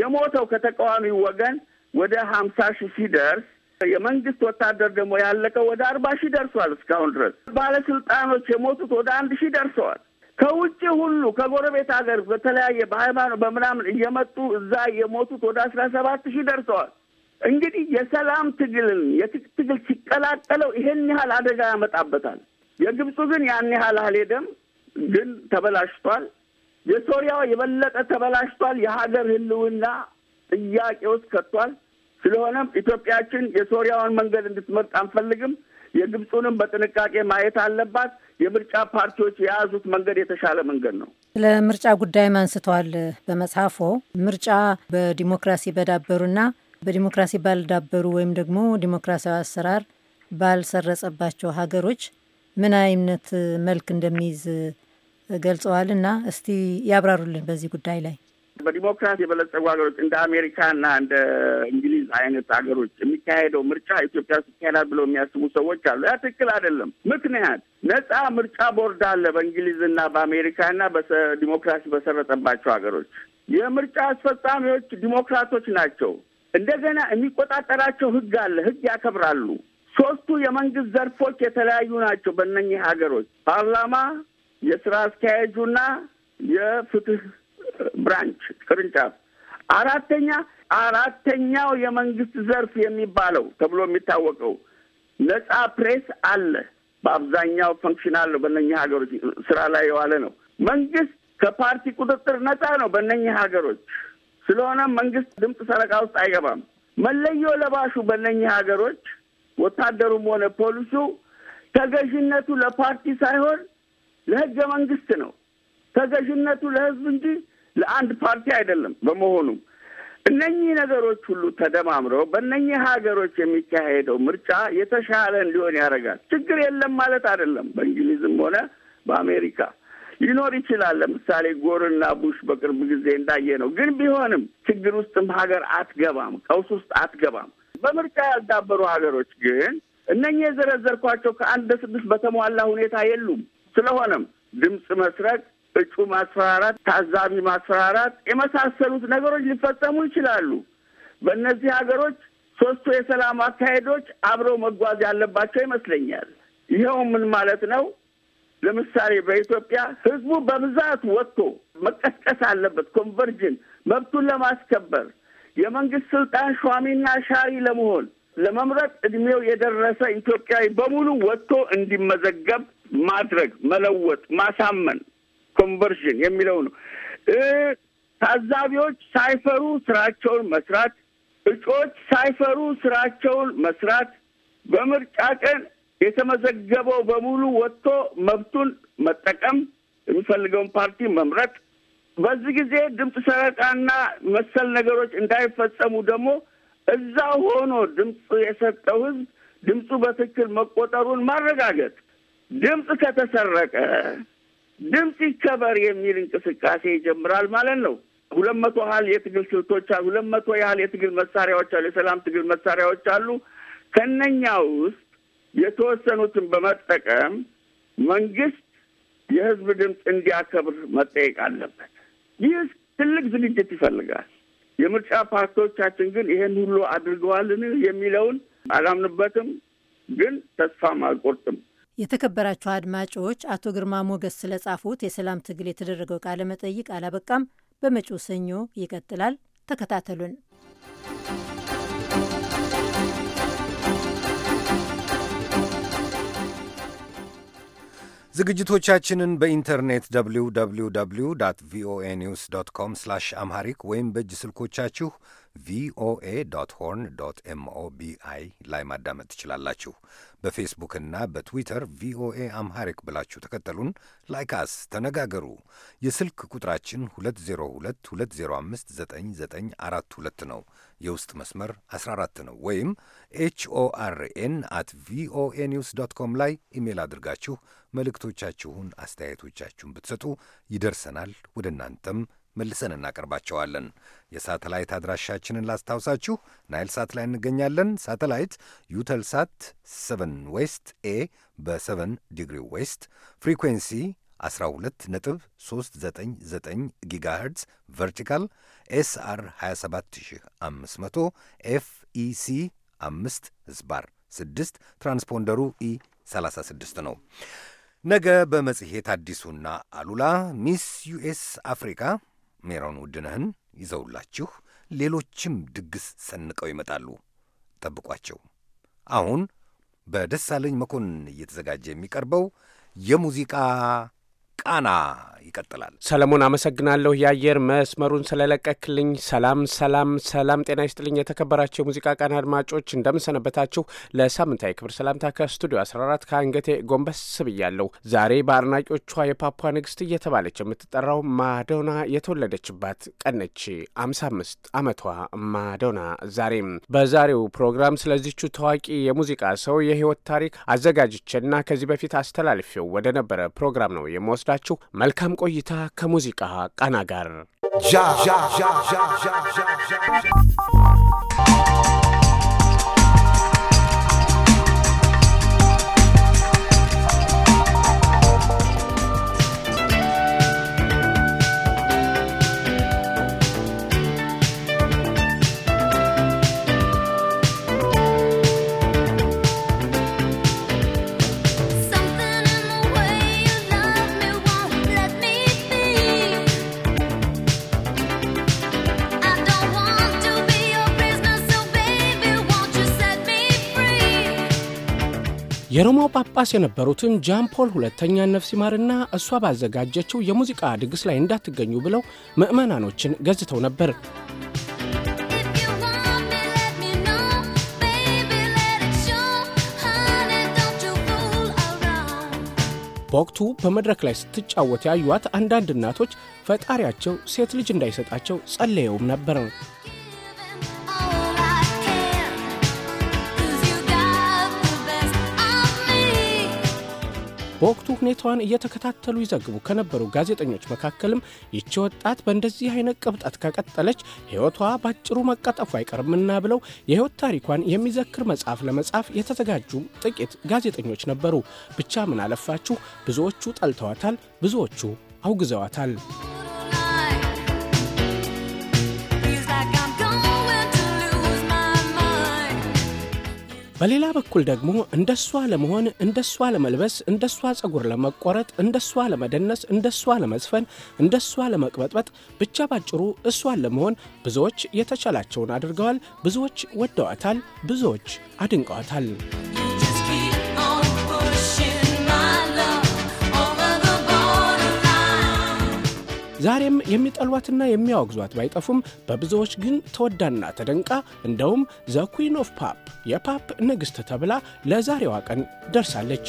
የሞተው ከተቃዋሚው ወገን ወደ ሀምሳ ሺህ ሲደርስ የመንግስት ወታደር ደግሞ ያለቀው ወደ አርባ ሺህ ደርሷል። እስካሁን ድረስ ባለስልጣኖች የሞቱት ወደ አንድ ሺህ ደርሰዋል። ከውጭ ሁሉ ከጎረቤት ሀገር በተለያየ በሃይማኖት በምናምን እየመጡ እዛ የሞቱት ወደ አስራ ሰባት ሺህ ደርሰዋል። እንግዲህ የሰላም ትግልን የትግል ሲቀላቀለው ይሄን ያህል አደጋ ያመጣበታል። የግብፁ ግን ያን ያህል አልሄደም፣ ግን ተበላሽቷል። የሶሪያው የበለጠ ተበላሽቷል። የሀገር ህልውና ጥያቄ ውስጥ ከቷል። ስለሆነም ኢትዮጵያችን የሶሪያውን መንገድ እንድትመርጥ አንፈልግም። የግብፁንም በጥንቃቄ ማየት አለባት። የምርጫ ፓርቲዎች የያዙት መንገድ የተሻለ መንገድ ነው። ስለ ምርጫ ጉዳይም አንስተዋል በመጽሐፎ ምርጫ በዲሞክራሲ በዳበሩና በዲሞክራሲ ባልዳበሩ ወይም ደግሞ ዲሞክራሲያዊ አሰራር ባልሰረጸባቸው ሀገሮች ምን አይነት መልክ እንደሚይዝ ገልጸዋል እና እስቲ ያብራሩልን በዚህ ጉዳይ ላይ በዲሞክራሲ የበለጸጉ ሀገሮች እንደ አሜሪካና እንደ እንግሊዝ አይነት ሀገሮች የሚካሄደው ምርጫ ኢትዮጵያ ውስጥ ይካሄዳል ብለው የሚያስቡ ሰዎች አሉ። ያ ትክክል አይደለም። ምክንያት ነጻ ምርጫ ቦርድ አለ በእንግሊዝና በአሜሪካና በዲሞክራሲ በሰረጠባቸው ሀገሮች የምርጫ አስፈጻሚዎች ዲሞክራቶች ናቸው። እንደገና የሚቆጣጠራቸው ህግ አለ። ህግ ያከብራሉ። ሶስቱ የመንግስት ዘርፎች የተለያዩ ናቸው በእነኚህ ሀገሮች ፓርላማ፣ የስራ አስኪያጁና የፍትህ ብራንች ቅርንጫፍ አራተኛ አራተኛው የመንግስት ዘርፍ የሚባለው ተብሎ የሚታወቀው ነጻ ፕሬስ አለ። በአብዛኛው ፈንክሽናል በነኛ ሀገሮች ስራ ላይ የዋለ ነው። መንግስት ከፓርቲ ቁጥጥር ነጻ ነው በእነኛ ሀገሮች። ስለሆነም መንግስት ድምፅ ሰረቃ ውስጥ አይገባም። መለዮ ለባሹ በነኚህ ሀገሮች ወታደሩም ሆነ ፖሊሱ ተገዥነቱ ለፓርቲ ሳይሆን ለህገ መንግስት ነው። ተገዥነቱ ለህዝብ እንጂ ለአንድ ፓርቲ አይደለም። በመሆኑም እነኚህ ነገሮች ሁሉ ተደማምረው በእነኚህ ሀገሮች የሚካሄደው ምርጫ የተሻለ እንዲሆን ያደርጋል። ችግር የለም ማለት አይደለም። በእንግሊዝም ሆነ በአሜሪካ ሊኖር ይችላል። ለምሳሌ ጎርና ቡሽ በቅርብ ጊዜ እንዳየ ነው። ግን ቢሆንም ችግር ውስጥም ሀገር አትገባም፣ ቀውስ ውስጥ አትገባም። በምርጫ ያልዳበሩ ሀገሮች ግን እነኚህ የዘረዘርኳቸው ከአንድ ስድስት በተሟላ ሁኔታ የሉም። ስለሆነም ድምፅ መስረቅ እጩ ማስፈራራት፣ ታዛቢ ማስፈራራት የመሳሰሉት ነገሮች ሊፈጸሙ ይችላሉ። በእነዚህ ሀገሮች ሶስቱ የሰላም አካሄዶች አብረው መጓዝ ያለባቸው ይመስለኛል። ይኸው ምን ማለት ነው? ለምሳሌ በኢትዮጵያ ህዝቡ በብዛት ወጥቶ መቀስቀስ አለበት። ኮንቨርጅን መብቱን ለማስከበር የመንግስት ስልጣን ሿሚና ሻሪ ለመሆን ለመምረጥ እድሜው የደረሰ ኢትዮጵያዊ በሙሉ ወጥቶ እንዲመዘገብ ማድረግ፣ መለወጥ፣ ማሳመን ኮንቨርዥን የሚለው ነው። ታዛቢዎች ሳይፈሩ ስራቸውን መስራት፣ እጩዎች ሳይፈሩ ስራቸውን መስራት፣ በምርጫ ቀን የተመዘገበው በሙሉ ወጥቶ መብቱን መጠቀም፣ የሚፈልገውን ፓርቲ መምረጥ። በዚህ ጊዜ ድምፅ ሰረቃና መሰል ነገሮች እንዳይፈጸሙ ደግሞ እዛ ሆኖ ድምፅ የሰጠው ህዝብ ድምፁ በትክክል መቆጠሩን ማረጋገጥ። ድምፅ ከተሰረቀ ድምፅ ይከበር የሚል እንቅስቃሴ ይጀምራል ማለት ነው። ሁለት መቶ ያህል የትግል ስልቶች አሉ። ሁለት መቶ ያህል የትግል መሳሪያዎች አሉ። የሰላም ትግል መሳሪያዎች አሉ። ከነኛ ውስጥ የተወሰኑትን በመጠቀም መንግስት የህዝብ ድምፅ እንዲያከብር መጠየቅ አለበት። ይህ ትልቅ ዝግጅት ይፈልጋል። የምርጫ ፓርቲዎቻችን ግን ይሄን ሁሉ አድርገዋልን የሚለውን አላምንበትም፣ ግን ተስፋም አልቆርጥም። የተከበራችሁ አድማጮች፣ አቶ ግርማ ሞገስ ስለጻፉት የሰላም ትግል የተደረገው ቃለ መጠይቅ አላበቃም። በመጪው ሰኞ ይቀጥላል። ተከታተሉን። ዝግጅቶቻችንን በኢንተርኔት www ቪኦኤ ኒውስ ዶት ኮም ስላሽ አምሃሪክ ወይም በእጅ ስልኮቻችሁ ቪኦኤ ዶት ሆርን ዶት ኤምኦቢአይ ላይ ማዳመጥ ትችላላችሁ። በፌስቡክና በትዊተር ቪኦኤ አምሃሪክ ብላችሁ ተከተሉን፣ ላይካስ፣ ተነጋገሩ። የስልክ ቁጥራችን 2022059942 ነው። የውስጥ መስመር 14 ነው። ወይም ኤችኦአርኤን አት ቪኦኤ ኒውስ ዶት ኮም ላይ ኢሜል አድርጋችሁ መልእክቶቻችሁን፣ አስተያየቶቻችሁን ብትሰጡ ይደርሰናል፣ ወደ እናንተም መልሰን እናቀርባቸዋለን። የሳተላይት አድራሻችንን ላስታውሳችሁ። ናይል ሳት ላይ እንገኛለን። ሳተላይት ዩተልሳት 7 ዌስት ኤ በ7 ዲግሪ ዌስት ፍሪኩንሲ 12399 ጊጋሄርትዝ ቨርቲካል ኤስአር 27500 ኤፍኢሲ 5 ዝባር 6 ትራንስፖንደሩ ኢ 36 ነው። ነገ በመጽሔት አዲሱና አሉላ ሚስ ዩኤስ አፍሪካ ሜሮን ውድነህን ይዘውላችሁ ሌሎችም ድግስ ሰንቀው ይመጣሉ። ጠብቋቸው። አሁን በደሳለኝ መኮንን እየተዘጋጀ የሚቀርበው የሙዚቃ ቃና ይቀጥላል። ሰለሞን አመሰግናለሁ፣ የአየር መስመሩን ስለለቀክልኝ። ሰላም ሰላም ሰላም፣ ጤና ይስጥልኝ። የተከበራቸው የሙዚቃ ቃና አድማጮች እንደምንሰነበታችሁ። ለሳምንታዊ ክብር ሰላምታ ከስቱዲዮ 14 ከአንገቴ ጎንበስ ብያለሁ። ዛሬ በአድናቂዎቿ የፓፓ ንግስት እየተባለች የምትጠራው ማዶና የተወለደችባት ቀን ነች። 55 ዓመቷ ማዶና ዛሬም በዛሬው ፕሮግራም ስለዚቹ ታዋቂ የሙዚቃ ሰው የህይወት ታሪክ አዘጋጅቼና ከዚህ በፊት አስተላልፌው ወደ ነበረ ፕሮግራም ነው የምወስዳ ተመልካቾቻችሁ መልካም ቆይታ ከሙዚቃ ቃና ጋር ጳጳስ የነበሩትን ጃን ፖል ሁለተኛ ነፍስ ይማርና እሷ ባዘጋጀችው የሙዚቃ ድግስ ላይ እንዳትገኙ ብለው ምዕመናኖችን ገዝተው ነበር። በወቅቱ በመድረክ ላይ ስትጫወት ያዩት አንዳንድ እናቶች ፈጣሪያቸው ሴት ልጅ እንዳይሰጣቸው ጸለየውም ነበር። በወቅቱ ሁኔታዋን እየተከታተሉ ይዘግቡ ከነበሩ ጋዜጠኞች መካከልም ይቺ ወጣት በእንደዚህ አይነት ቅብጠት ከቀጠለች ሕይወቷ ባጭሩ መቀጠፉ አይቀርምና ብለው የሕይወት ታሪኳን የሚዘክር መጽሐፍ ለመጻፍ የተዘጋጁ ጥቂት ጋዜጠኞች ነበሩ። ብቻ ምን አለፋችሁ ብዙዎቹ ጠልተዋታል፣ ብዙዎቹ አውግዘዋታል። በሌላ በኩል ደግሞ እንደሷ ለመሆን እንደሷ ለመልበስ እንደሷ ጸጉር ለመቆረጥ እንደሷ ለመደነስ እንደሷ ለመዝፈን እንደሷ ለመቅበጥበጥ ብቻ ባጭሩ እሷን ለመሆን ብዙዎች የተቻላቸውን አድርገዋል። ብዙዎች ወደዋታል፣ ብዙዎች አድንቀዋታል። ዛሬም የሚጠሏትና የሚያወግዟት ባይጠፉም በብዙዎች ግን ተወዳና ተደንቃ እንደውም ዘ ኩን ኦፍ ፓፕ የፓፕ ንግሥት ተብላ ለዛሬዋ ቀን ደርሳለች።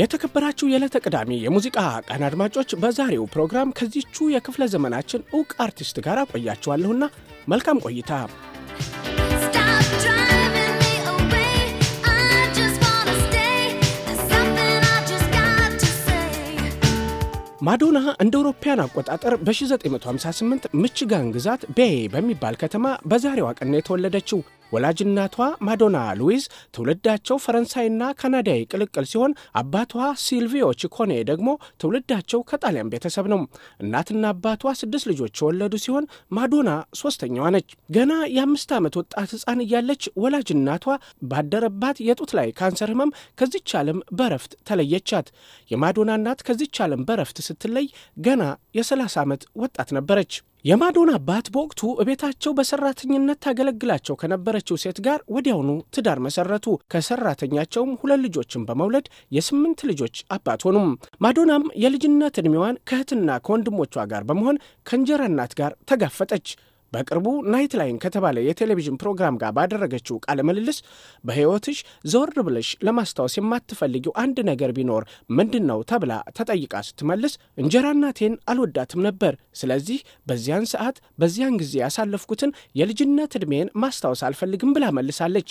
የተከበራችሁ የዕለተ ቅዳሜ የሙዚቃ ቀን አድማጮች፣ በዛሬው ፕሮግራም ከዚቹ የክፍለ ዘመናችን ዕውቅ አርቲስት ጋር ቆያችኋለሁና መልካም ቆይታ። ማዶና እንደ አውሮፓውያን አቆጣጠር በ1958 ምችጋን ግዛት ቤ በሚባል ከተማ በዛሬዋ ቀን ነው የተወለደችው። ወላጅናቷ ማዶና ሉዊዝ ትውልዳቸው ፈረንሳይና ካናዳዊ ቅልቅል ሲሆን አባቷ ሲልቪዮ ቺኮኔ ደግሞ ትውልዳቸው ከጣሊያን ቤተሰብ ነው። እናትና አባቷ ስድስት ልጆች የወለዱ ሲሆን ማዶና ሶስተኛዋ ነች። ገና የአምስት ዓመት ወጣት ሕፃን እያለች ወላጅናቷ ባደረባት የጡት ላይ ካንሰር ህመም ከዚች ዓለም በረፍት ተለየቻት። የማዶና እናት ከዚች ዓለም በረፍት ስትለይ ገና የ ዓመት ወጣት ነበረች። የማዶና አባት በወቅቱ እቤታቸው በሰራተኝነት ታገለግላቸው ከነበረችው ሴት ጋር ወዲያውኑ ትዳር መሰረቱ። ከሰራተኛቸውም ሁለት ልጆችን በመውለድ የስምንት ልጆች አባት ሆኑም። ማዶናም የልጅነት ዕድሜዋን ከእህትና ከወንድሞቿ ጋር በመሆን ከእንጀራ እናት ጋር ተጋፈጠች። በቅርቡ ናይት ላይን ከተባለ የቴሌቪዥን ፕሮግራም ጋር ባደረገችው ቃለ ምልልስ በሕይወትሽ ዞር ብለሽ ለማስታወስ የማትፈልጊው አንድ ነገር ቢኖር ምንድን ነው ተብላ ተጠይቃ ስትመልስ እንጀራ እናቴን አልወዳትም ነበር። ስለዚህ በዚያን ሰዓት በዚያን ጊዜ ያሳለፍኩትን የልጅነት ዕድሜን ማስታወስ አልፈልግም ብላ መልሳለች።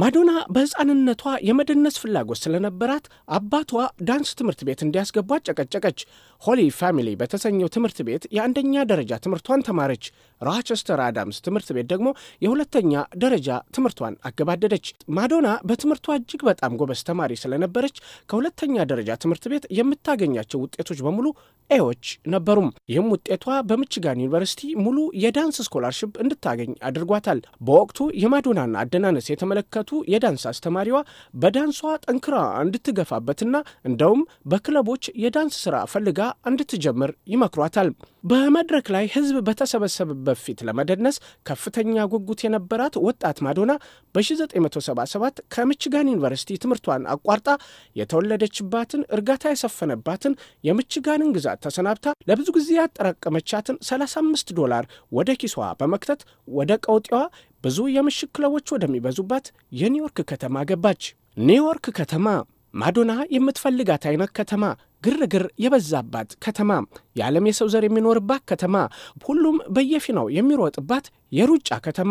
ማዶና በሕፃንነቷ የመደነስ ፍላጎት ስለነበራት አባቷ ዳንስ ትምህርት ቤት እንዲያስገቧት ጨቀጨቀች። ሆሊ ፋሚሊ በተሰኘው ትምህርት ቤት የአንደኛ ደረጃ ትምህርቷን ተማረች። ሮቸስተር አዳምስ ትምህርት ቤት ደግሞ የሁለተኛ ደረጃ ትምህርቷን አገባደደች። ማዶና በትምህርቷ እጅግ በጣም ጎበዝ ተማሪ ስለነበረች ከሁለተኛ ደረጃ ትምህርት ቤት የምታገኛቸው ውጤቶች በሙሉ ኤዎች ነበሩም። ይህም ውጤቷ በምችጋን ዩኒቨርሲቲ ሙሉ የዳንስ ስኮላርሽፕ እንድታገኝ አድርጓታል። በወቅቱ የማዶናን አደናነስ የተመለከቱ የዳንስ አስተማሪዋ በዳንሷ ጠንክራ እንድትገፋበትና እንደውም በክለቦች የዳንስ ስራ ፈልጋ እንድትጀምር ይመክሯታል። በመድረክ ላይ ህዝብ በተሰበሰበበት በፊት ለመደነስ ከፍተኛ ጉጉት የነበራት ወጣት ማዶና በ1977 ከምችጋን ዩኒቨርሲቲ ትምህርቷን አቋርጣ የተወለደችባትን እርጋታ የሰፈነባትን የምችጋንን ግዛት ተሰናብታ ለብዙ ጊዜ ያጠራቀመቻትን 35 ዶላር ወደ ኪሷ በመክተት ወደ ቀውጤዋ ብዙ የምሽት ክለቦች ወደሚበዙባት የኒውዮርክ ከተማ ገባች። ኒውዮርክ ከተማ ማዶና የምትፈልጋት አይነት ከተማ ግርግር የበዛባት ከተማ፣ የዓለም የሰው ዘር የሚኖርባት ከተማ፣ ሁሉም በየፊናው የሚሮጥባት የሩጫ ከተማ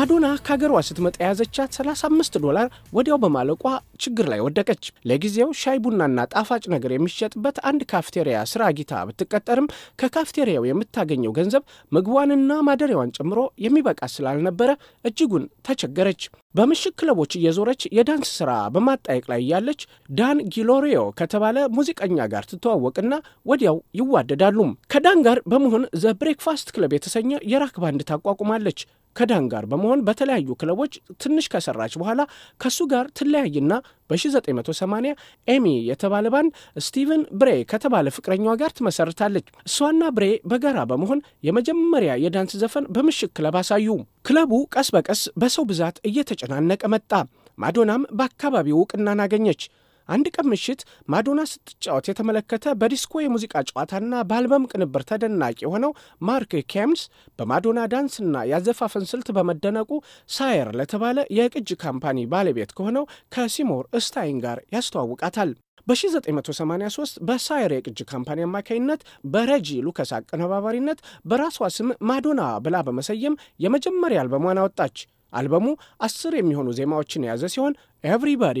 ማዶና ከሀገሯ ስትመጣ የያዘቻት 35 ዶላር ወዲያው በማለቋ ችግር ላይ ወደቀች። ለጊዜው ሻይ ቡናና ጣፋጭ ነገር የሚሸጥበት አንድ ካፍቴሪያ ስራ አግኝታ ብትቀጠርም ከካፍቴሪያው የምታገኘው ገንዘብ ምግቧንና ማደሪያዋን ጨምሮ የሚበቃ ስላልነበረ እጅጉን ተቸገረች። በምሽት ክለቦች እየዞረች የዳንስ ስራ በማጣየቅ ላይ እያለች ዳን ጊሎሪዮ ከተባለ ሙዚቀኛ ጋር ትተዋወቅና ወዲያው ይዋደዳሉ። ከዳን ጋር በመሆን ዘ ብሬክፋስት ክለብ የተሰኘ የራክ ባንድ ታቋቁማለች። ከዳን ጋር በመሆን በተለያዩ ክለቦች ትንሽ ከሰራች በኋላ ከሱ ጋር ትለያይና በ1980 ኤሚ የተባለ ባንድ ስቲቨን ብሬ ከተባለ ፍቅረኛዋ ጋር ትመሰርታለች። እሷና ብሬ በጋራ በመሆን የመጀመሪያ የዳንስ ዘፈን በምሽት ክለብ አሳዩ። ክለቡ ቀስ በቀስ በሰው ብዛት እየተጨናነቀ መጣ። ማዶናም በአካባቢው እውቅናን አገኘች። አንድ ቀን ምሽት ማዶና ስትጫወት የተመለከተ በዲስኮ የሙዚቃ ጨዋታና በአልበም ቅንብር ተደናቂ የሆነው ማርክ ኬምስ በማዶና ዳንስና ያዘፋፈን ስልት በመደነቁ ሳየር ለተባለ የቅጅ ካምፓኒ ባለቤት ከሆነው ከሲሞር ስታይን ጋር ያስተዋውቃታል። በ1983 በሳይር የቅጅ ካምፓኒ አማካኝነት በረጂ ሉከስ አቀነባባሪነት በራሷ ስም ማዶና ብላ በመሰየም የመጀመሪያ አልበሟን አወጣች። አልበሙ አስር የሚሆኑ ዜማዎችን የያዘ ሲሆን ኤቭሪባዲ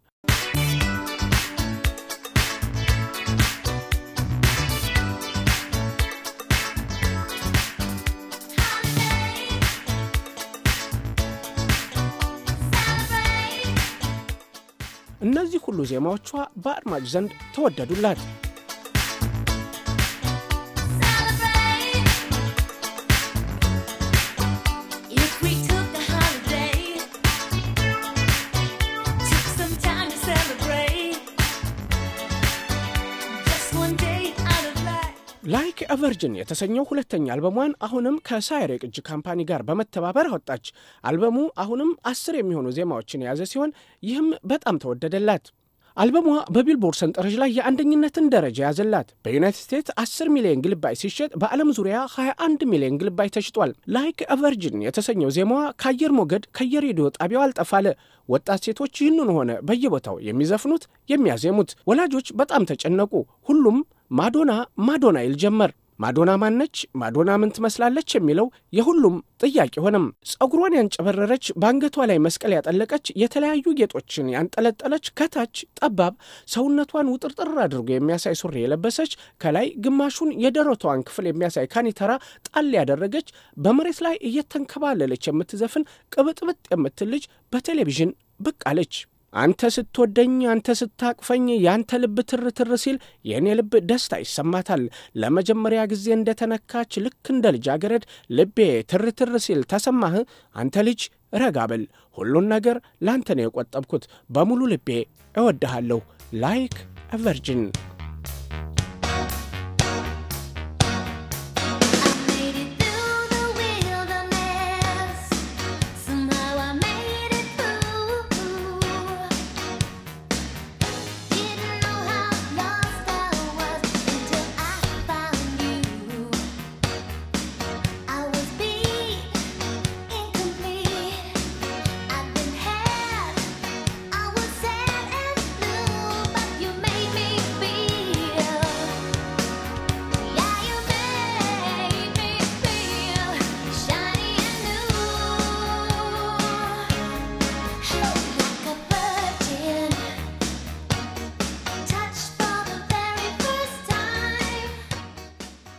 እነዚህ ሁሉ ዜማዎቿ በአድማጭ ዘንድ ተወደዱላት። ኤ ቨርጅን የተሰኘው ሁለተኛ አልበሟን አሁንም ከሳይሬ ቅጅ ካምፓኒ ጋር በመተባበር አወጣች። አልበሙ አሁንም አስር የሚሆኑ ዜማዎችን የያዘ ሲሆን ይህም በጣም ተወደደላት። አልበሟ በቢልቦርድ ሰንጠረዥ ላይ የአንደኝነትን ደረጃ ያዘላት። በዩናይትድ ስቴትስ 10 ሚሊዮን ግልባይ ሲሸጥ በዓለም ዙሪያ 21 ሚሊዮን ግልባይ ተሽጧል። ላይክ ቨርጅን የተሰኘው ዜማዋ ከአየር ሞገድ ከየሬዲዮ ጣቢያው አልጠፋለ። ወጣት ሴቶች ይህንን ሆነ በየቦታው የሚዘፍኑት የሚያዜሙት። ወላጆች በጣም ተጨነቁ። ሁሉም ማዶና ማዶና ይል ጀመር። ማዶና ማነች? ማዶና ምን ትመስላለች? የሚለው የሁሉም ጥያቄ ሆነም። ጸጉሯን ያንጨበረረች፣ በአንገቷ ላይ መስቀል ያጠለቀች፣ የተለያዩ ጌጦችን ያንጠለጠለች፣ ከታች ጠባብ ሰውነቷን ውጥርጥር አድርጎ የሚያሳይ ሱሪ የለበሰች፣ ከላይ ግማሹን የደረቷን ክፍል የሚያሳይ ካኒተራ ጣል ያደረገች፣ በመሬት ላይ እየተንከባለለች የምትዘፍን ቅብጥብጥ የምትል ልጅ በቴሌቪዥን ብቅ አለች። አንተ ስትወደኝ፣ አንተ ስታቅፈኝ፣ ያንተ ልብ ትርትር ሲል የእኔ ልብ ደስታ ይሰማታል። ለመጀመሪያ ጊዜ እንደተነካች ልክ እንደ ልጃገረድ ልቤ ትርትር ሲል ተሰማህ? አንተ ልጅ ረጋ በል። ሁሉን ነገር ላንተ ነው የቆጠብኩት። በሙሉ ልቤ እወድሃለሁ። ላይክ ቨርጅን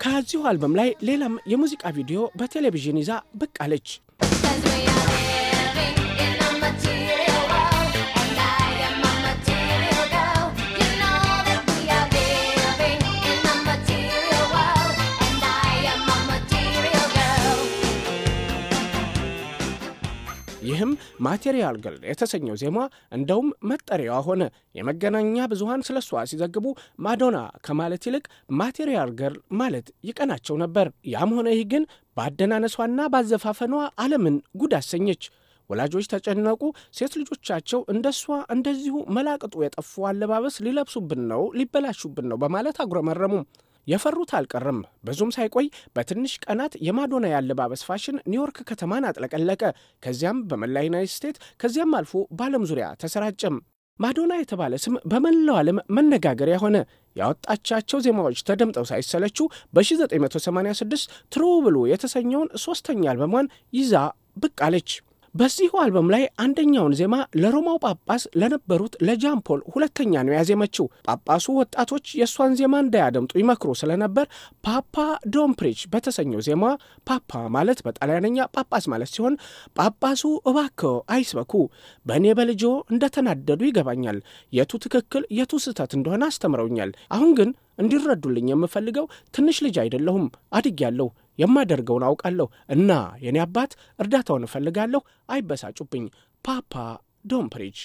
ከዚሁ አልበም ላይ ሌላም የሙዚቃ ቪዲዮ በቴሌቪዥን ይዛ ብቅ አለች። ይህም ማቴሪያል ግል የተሰኘው ዜማ እንደውም መጠሪያዋ ሆነ። የመገናኛ ስለ ስለሷ ሲዘግቡ ማዶና ከማለት ይልቅ ማቴሪያል ገር ማለት ይቀናቸው ነበር። ያም ሆነ ይህ ግን በአደናነሷና ባዘፋፈኗ ዓለምን ጉድ አሰኘች። ወላጆች ተጨነቁ። ሴት ልጆቻቸው እንደሷ እንደዚሁ መላቅጡ የጠፉ አለባበስ ሊለብሱብን ነው፣ ሊበላሹብን ነው በማለት አጉረመረሙ። የፈሩት አልቀርም። ብዙም ሳይቆይ በትንሽ ቀናት የማዶና ያለባበስ ፋሽን ኒውዮርክ ከተማን አጥለቀለቀ። ከዚያም በመላ ዩናይት ስቴት ከዚያም አልፎ በዓለም ዙሪያ ተሰራጨም። ማዶና የተባለ ስም በመላው ዓለም መነጋገሪያ ሆነ። ያወጣቻቸው ዜማዎች ተደምጠው ሳይሰለችው በ1986 ትሩ ብሉ የተሰኘውን ሦስተኛ አልበሟን ይዛ ብቅ አለች። በዚሁ አልበም ላይ አንደኛውን ዜማ ለሮማው ጳጳስ ለነበሩት ለጃን ፖል ሁለተኛ ነው ያዜመችው። ጳጳሱ ወጣቶች የእሷን ዜማ እንዳያደምጡ ይመክሩ ስለነበር ፓፓ ዶምፕሪች በተሰኘው ዜማ ፓፓ ማለት በጣሊያነኛ ጳጳስ ማለት ሲሆን ጳጳሱ እባክዎ አይስበኩ፣ በእኔ በልጆ እንደተናደዱ ይገባኛል። የቱ ትክክል የቱ ስህተት እንደሆነ አስተምረውኛል። አሁን ግን እንዲረዱልኝ የምፈልገው ትንሽ ልጅ አይደለሁም፣ አድጌያለሁ የማደርገውን አውቃለሁ እና የኔ አባት እርዳታውን እፈልጋለሁ። አይበሳጩብኝ። ፓፓ ዶምፕሪጅ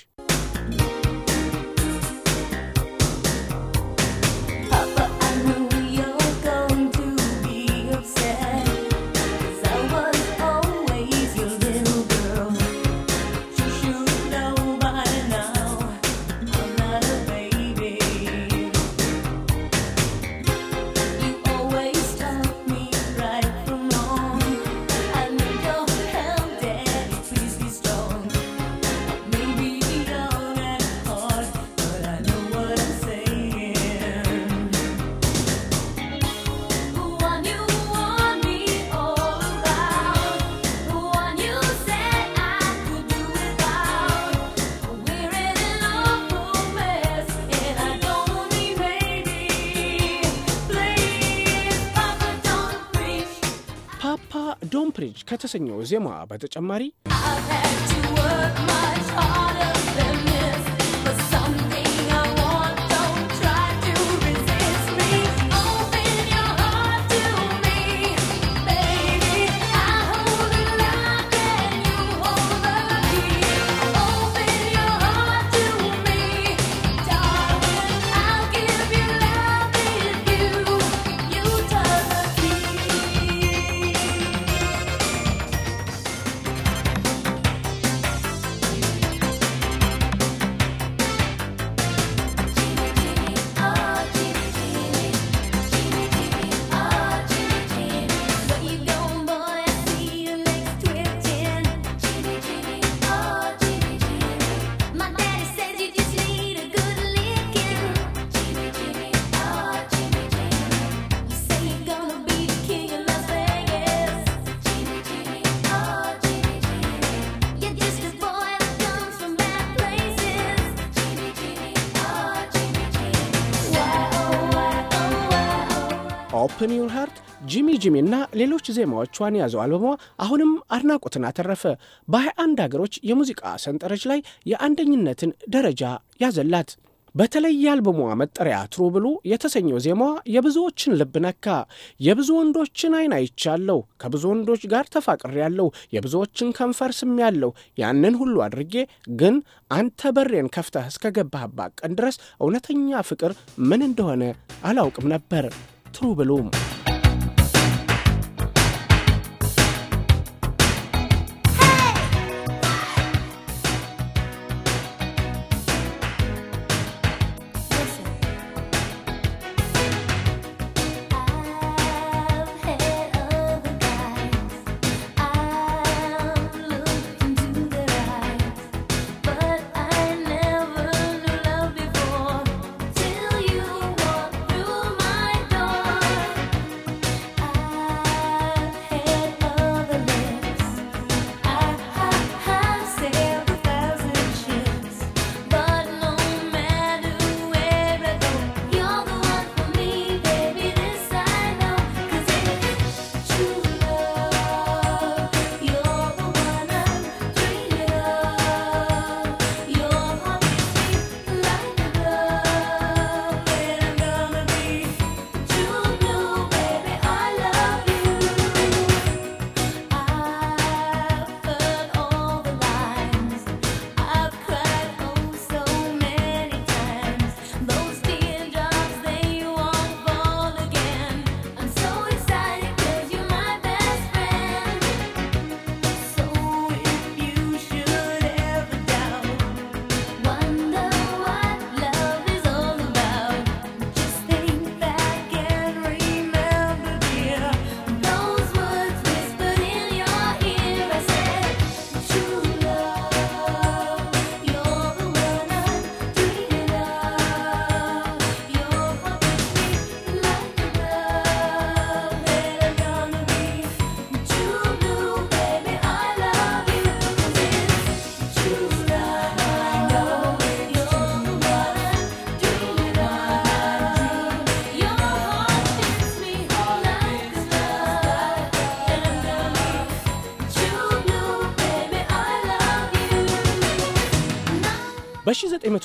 ከተሰኘው ዜማ በተጨማሪ ኦፕን ዩር ሃርት፣ ጂሚ ጂሚ እና ሌሎች ዜማዎቿን ያዘው አልበሟ አሁንም አድናቆትን አተረፈ። በ21 ሀገሮች የሙዚቃ ሰንጠረዥ ላይ የአንደኝነትን ደረጃ ያዘላት። በተለይ የአልበሟ መጠሪያ ትሩ ብሉ የተሰኘው ዜማዋ የብዙዎችን ልብ ነካ። የብዙ ወንዶችን አይን አይቻለሁ፣ ከብዙ ወንዶች ጋር ተፋቅሬ ያለው የብዙዎችን ከንፈር ስም ያለው፣ ያንን ሁሉ አድርጌ ግን አንተ በሬን ከፍተህ እስከ ገባህባት ቀን ድረስ እውነተኛ ፍቅር ምን እንደሆነ አላውቅም ነበር። طروا بلوم በ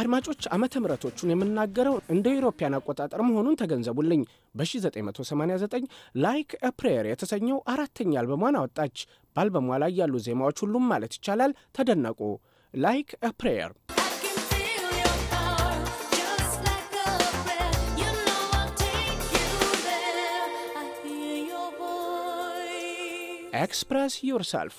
አድማጮች ዓመተ ምረቶቹን የምናገረው እንደ ኢሮፓያን አቆጣጠር መሆኑን ተገንዘቡልኝ። በ1989 ላይክ ፕሬየር የተሰኘው አራተኛ አልበሟን አወጣች። በአልበሟ ላይ ያሉ ዜማዎች ሁሉም ማለት ይቻላል ተደነቁ። ላይክ ፕሬየር ኤክስፕረስ ዩርሰልፍ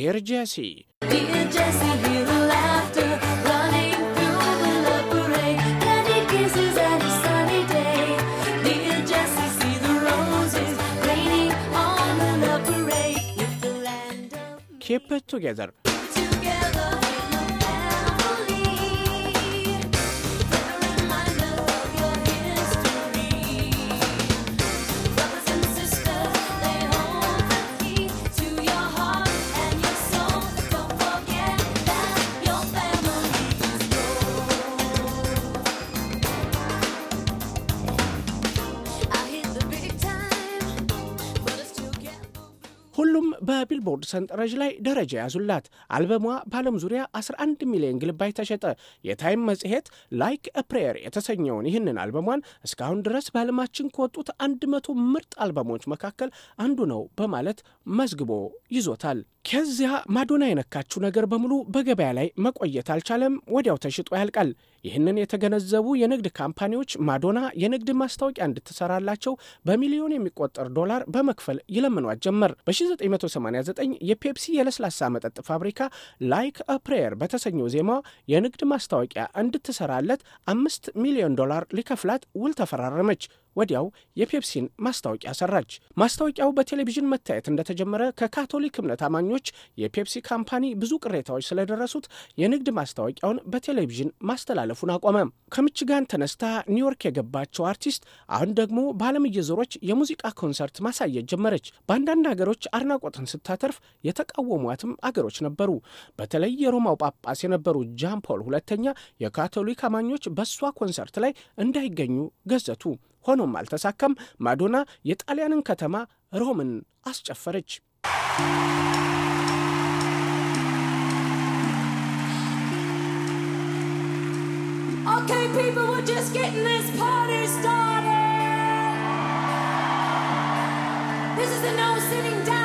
Dear Jesse. Dear Jesse, hear the laughter running through the kisses and a sunny day. Dear Jesse, see the roses raining on the If the land of... Keep it together. በቢልቦርድ ሰንጠረዥ ላይ ደረጃ ያዙላት። አልበሟ በዓለም ዙሪያ 11 ሚሊዮን ግልባይ ተሸጠ። የታይም መጽሔት ላይክ ፕሬየር የተሰኘውን ይህንን አልበሟን እስካሁን ድረስ በዓለማችን ከወጡት 100 ምርጥ አልበሞች መካከል አንዱ ነው በማለት መዝግቦ ይዞታል። ከዚያ ማዶና የነካችው ነገር በሙሉ በገበያ ላይ መቆየት አልቻለም፣ ወዲያው ተሽጦ ያልቃል። ይህንን የተገነዘቡ የንግድ ካምፓኒዎች ማዶና የንግድ ማስታወቂያ እንድትሰራላቸው በሚሊዮን የሚቆጠር ዶላር በመክፈል ይለምኗት ጀመር። በ1989 የፔፕሲ የለስላሳ መጠጥ ፋብሪካ ላይክ አ ፕሬየር በተሰኘው ዜማ የንግድ ማስታወቂያ እንድትሰራለት አምስት ሚሊዮን ዶላር ሊከፍላት ውል ተፈራረመች። ወዲያው የፔፕሲን ማስታወቂያ ሰራች። ማስታወቂያው በቴሌቪዥን መታየት እንደተጀመረ ከካቶሊክ እምነት አማኞች የፔፕሲ ካምፓኒ ብዙ ቅሬታዎች ስለደረሱት የንግድ ማስታወቂያውን በቴሌቪዥን ማስተላለፉን አቆመ። ከምችጋን ተነስታ ኒውዮርክ የገባቸው አርቲስት አሁን ደግሞ በዓለም እየዞረች የሙዚቃ ኮንሰርት ማሳየት ጀመረች። በአንዳንድ አገሮች አድናቆትን ስታተርፍ የተቃወሟትም አገሮች ነበሩ። በተለይ የሮማው ጳጳስ የነበሩ ጃን ፖል ሁለተኛ የካቶሊክ አማኞች በእሷ ኮንሰርት ላይ እንዳይገኙ ገዘቱ። ሆኖም አልተሳካም። ማዶና የጣሊያንን ከተማ ሮምን አስጨፈረች። Okay, people, we're just getting this party started. This is the no sitting down.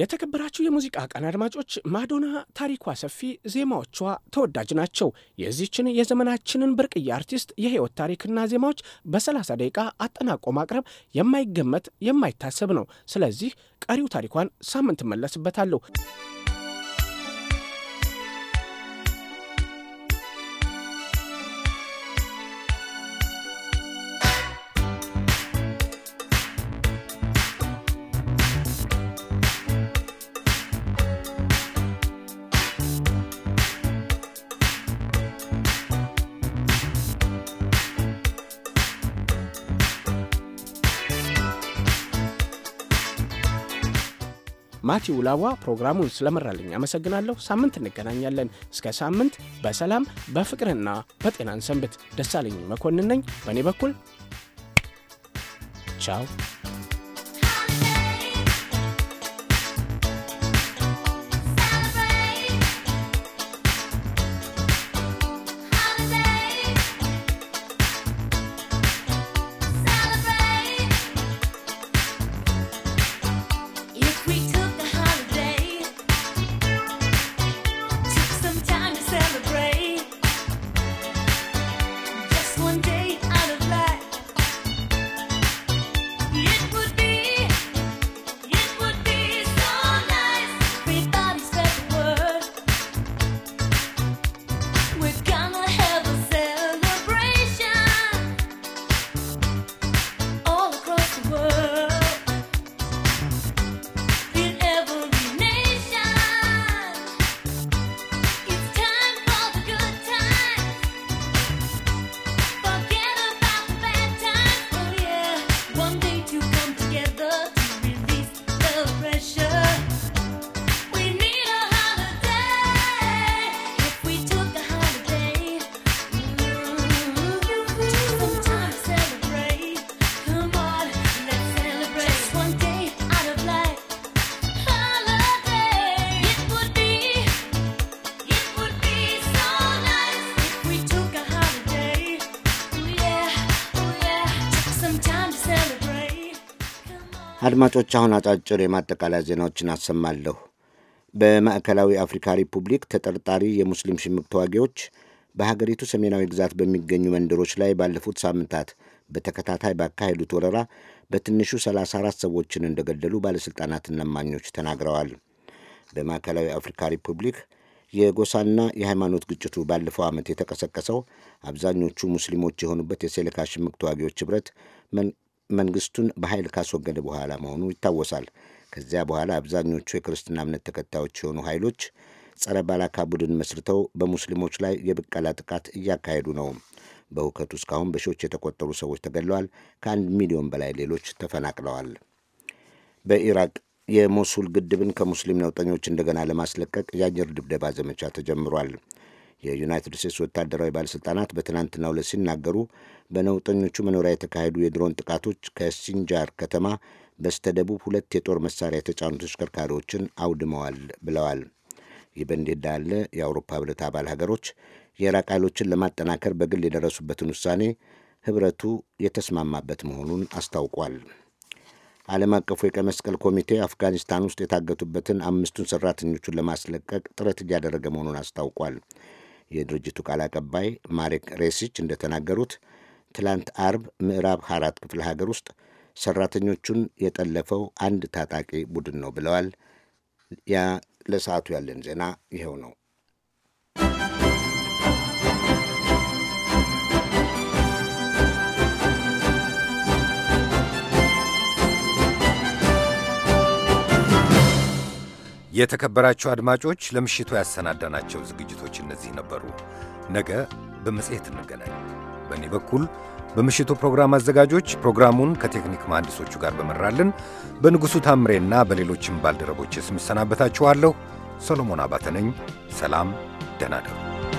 የተከበራችሁ የሙዚቃ ቀን አድማጮች፣ ማዶና ታሪኳ ሰፊ፣ ዜማዎቿ ተወዳጅ ናቸው። የዚችን የዘመናችንን ብርቅዬ አርቲስት የህይወት ታሪክና ዜማዎች በሰላሳ ደቂቃ አጠናቆ ማቅረብ የማይገመት የማይታሰብ ነው። ስለዚህ ቀሪው ታሪኳን ሳምንት እመለስበታለሁ። ማቲው ላዋ ፕሮግራሙን ስለመራልኝ አመሰግናለሁ። ሳምንት እንገናኛለን። እስከ ሳምንት በሰላም በፍቅርና በጤናን ሰንብት። ደሳለኝ መኮንን ነኝ። በእኔ በኩል ቻው። አድማጮች፣ አሁን አጫጭር የማጠቃለያ ዜናዎችን አሰማለሁ። በማዕከላዊ አፍሪካ ሪፑብሊክ ተጠርጣሪ የሙስሊም ሽምቅ ተዋጊዎች በሀገሪቱ ሰሜናዊ ግዛት በሚገኙ መንደሮች ላይ ባለፉት ሳምንታት በተከታታይ ባካሄዱት ወረራ በትንሹ 34 ሰዎችን እንደገደሉ ባለሥልጣናትና እማኞች ተናግረዋል። በማዕከላዊ አፍሪካ ሪፑብሊክ የጎሳና የሃይማኖት ግጭቱ ባለፈው ዓመት የተቀሰቀሰው አብዛኞቹ ሙስሊሞች የሆኑበት የሴሌካ ሽምቅ ተዋጊዎች ኅብረት መንግስቱን በኃይል ካስወገደ በኋላ መሆኑ ይታወሳል። ከዚያ በኋላ አብዛኞቹ የክርስትና እምነት ተከታዮች የሆኑ ኃይሎች ጸረ ባላካ ቡድን መስርተው በሙስሊሞች ላይ የብቀላ ጥቃት እያካሄዱ ነው። በሁከቱ እስካሁን በሺዎች የተቆጠሩ ሰዎች ተገድለዋል። ከአንድ ሚሊዮን በላይ ሌሎች ተፈናቅለዋል። በኢራቅ የሞሱል ግድብን ከሙስሊም ነውጠኞች እንደገና ለማስለቀቅ የአየር ድብደባ ዘመቻ ተጀምሯል። የዩናይትድ ስቴትስ ወታደራዊ ባለሥልጣናት በትናንትናው ዕለት ሲናገሩ በነውጠኞቹ መኖሪያ የተካሄዱ የድሮን ጥቃቶች ከሲንጃር ከተማ በስተደቡብ ሁለት የጦር መሳሪያ የተጫኑ ተሽከርካሪዎችን አውድመዋል ብለዋል። ይህ በእንዲህ እንዳለ የአውሮፓ ህብረት አባል ሀገሮች የኢራቅ ኃይሎችን ለማጠናከር በግል የደረሱበትን ውሳኔ ህብረቱ የተስማማበት መሆኑን አስታውቋል። ዓለም አቀፉ የቀይ መስቀል ኮሚቴ አፍጋኒስታን ውስጥ የታገቱበትን አምስቱን ሰራተኞቹን ለማስለቀቅ ጥረት እያደረገ መሆኑን አስታውቋል። የድርጅቱ ቃል አቀባይ ማሬክ ሬሲች እንደተናገሩት ትላንት አርብ ምዕራብ ሐራት ክፍለ ሀገር ውስጥ ሰራተኞቹን የጠለፈው አንድ ታጣቂ ቡድን ነው ብለዋል። ያ ለሰዓቱ ያለን ዜና ይኸው ነው። የተከበራችሁ አድማጮች ለምሽቱ ያሰናዳናቸው ዝግጅቶች እነዚህ ነበሩ። ነገ በመጽሔት እንገናኝ። በእኔ በኩል በምሽቱ ፕሮግራም አዘጋጆች ፕሮግራሙን ከቴክኒክ መሐንዲሶቹ ጋር በመራልን በንጉሡ ታምሬና በሌሎችም ባልደረቦች ስም እሰናበታችኋለሁ። ሰሎሞን አባተ ነኝ። ሰላም፣ ደህና እደሩ።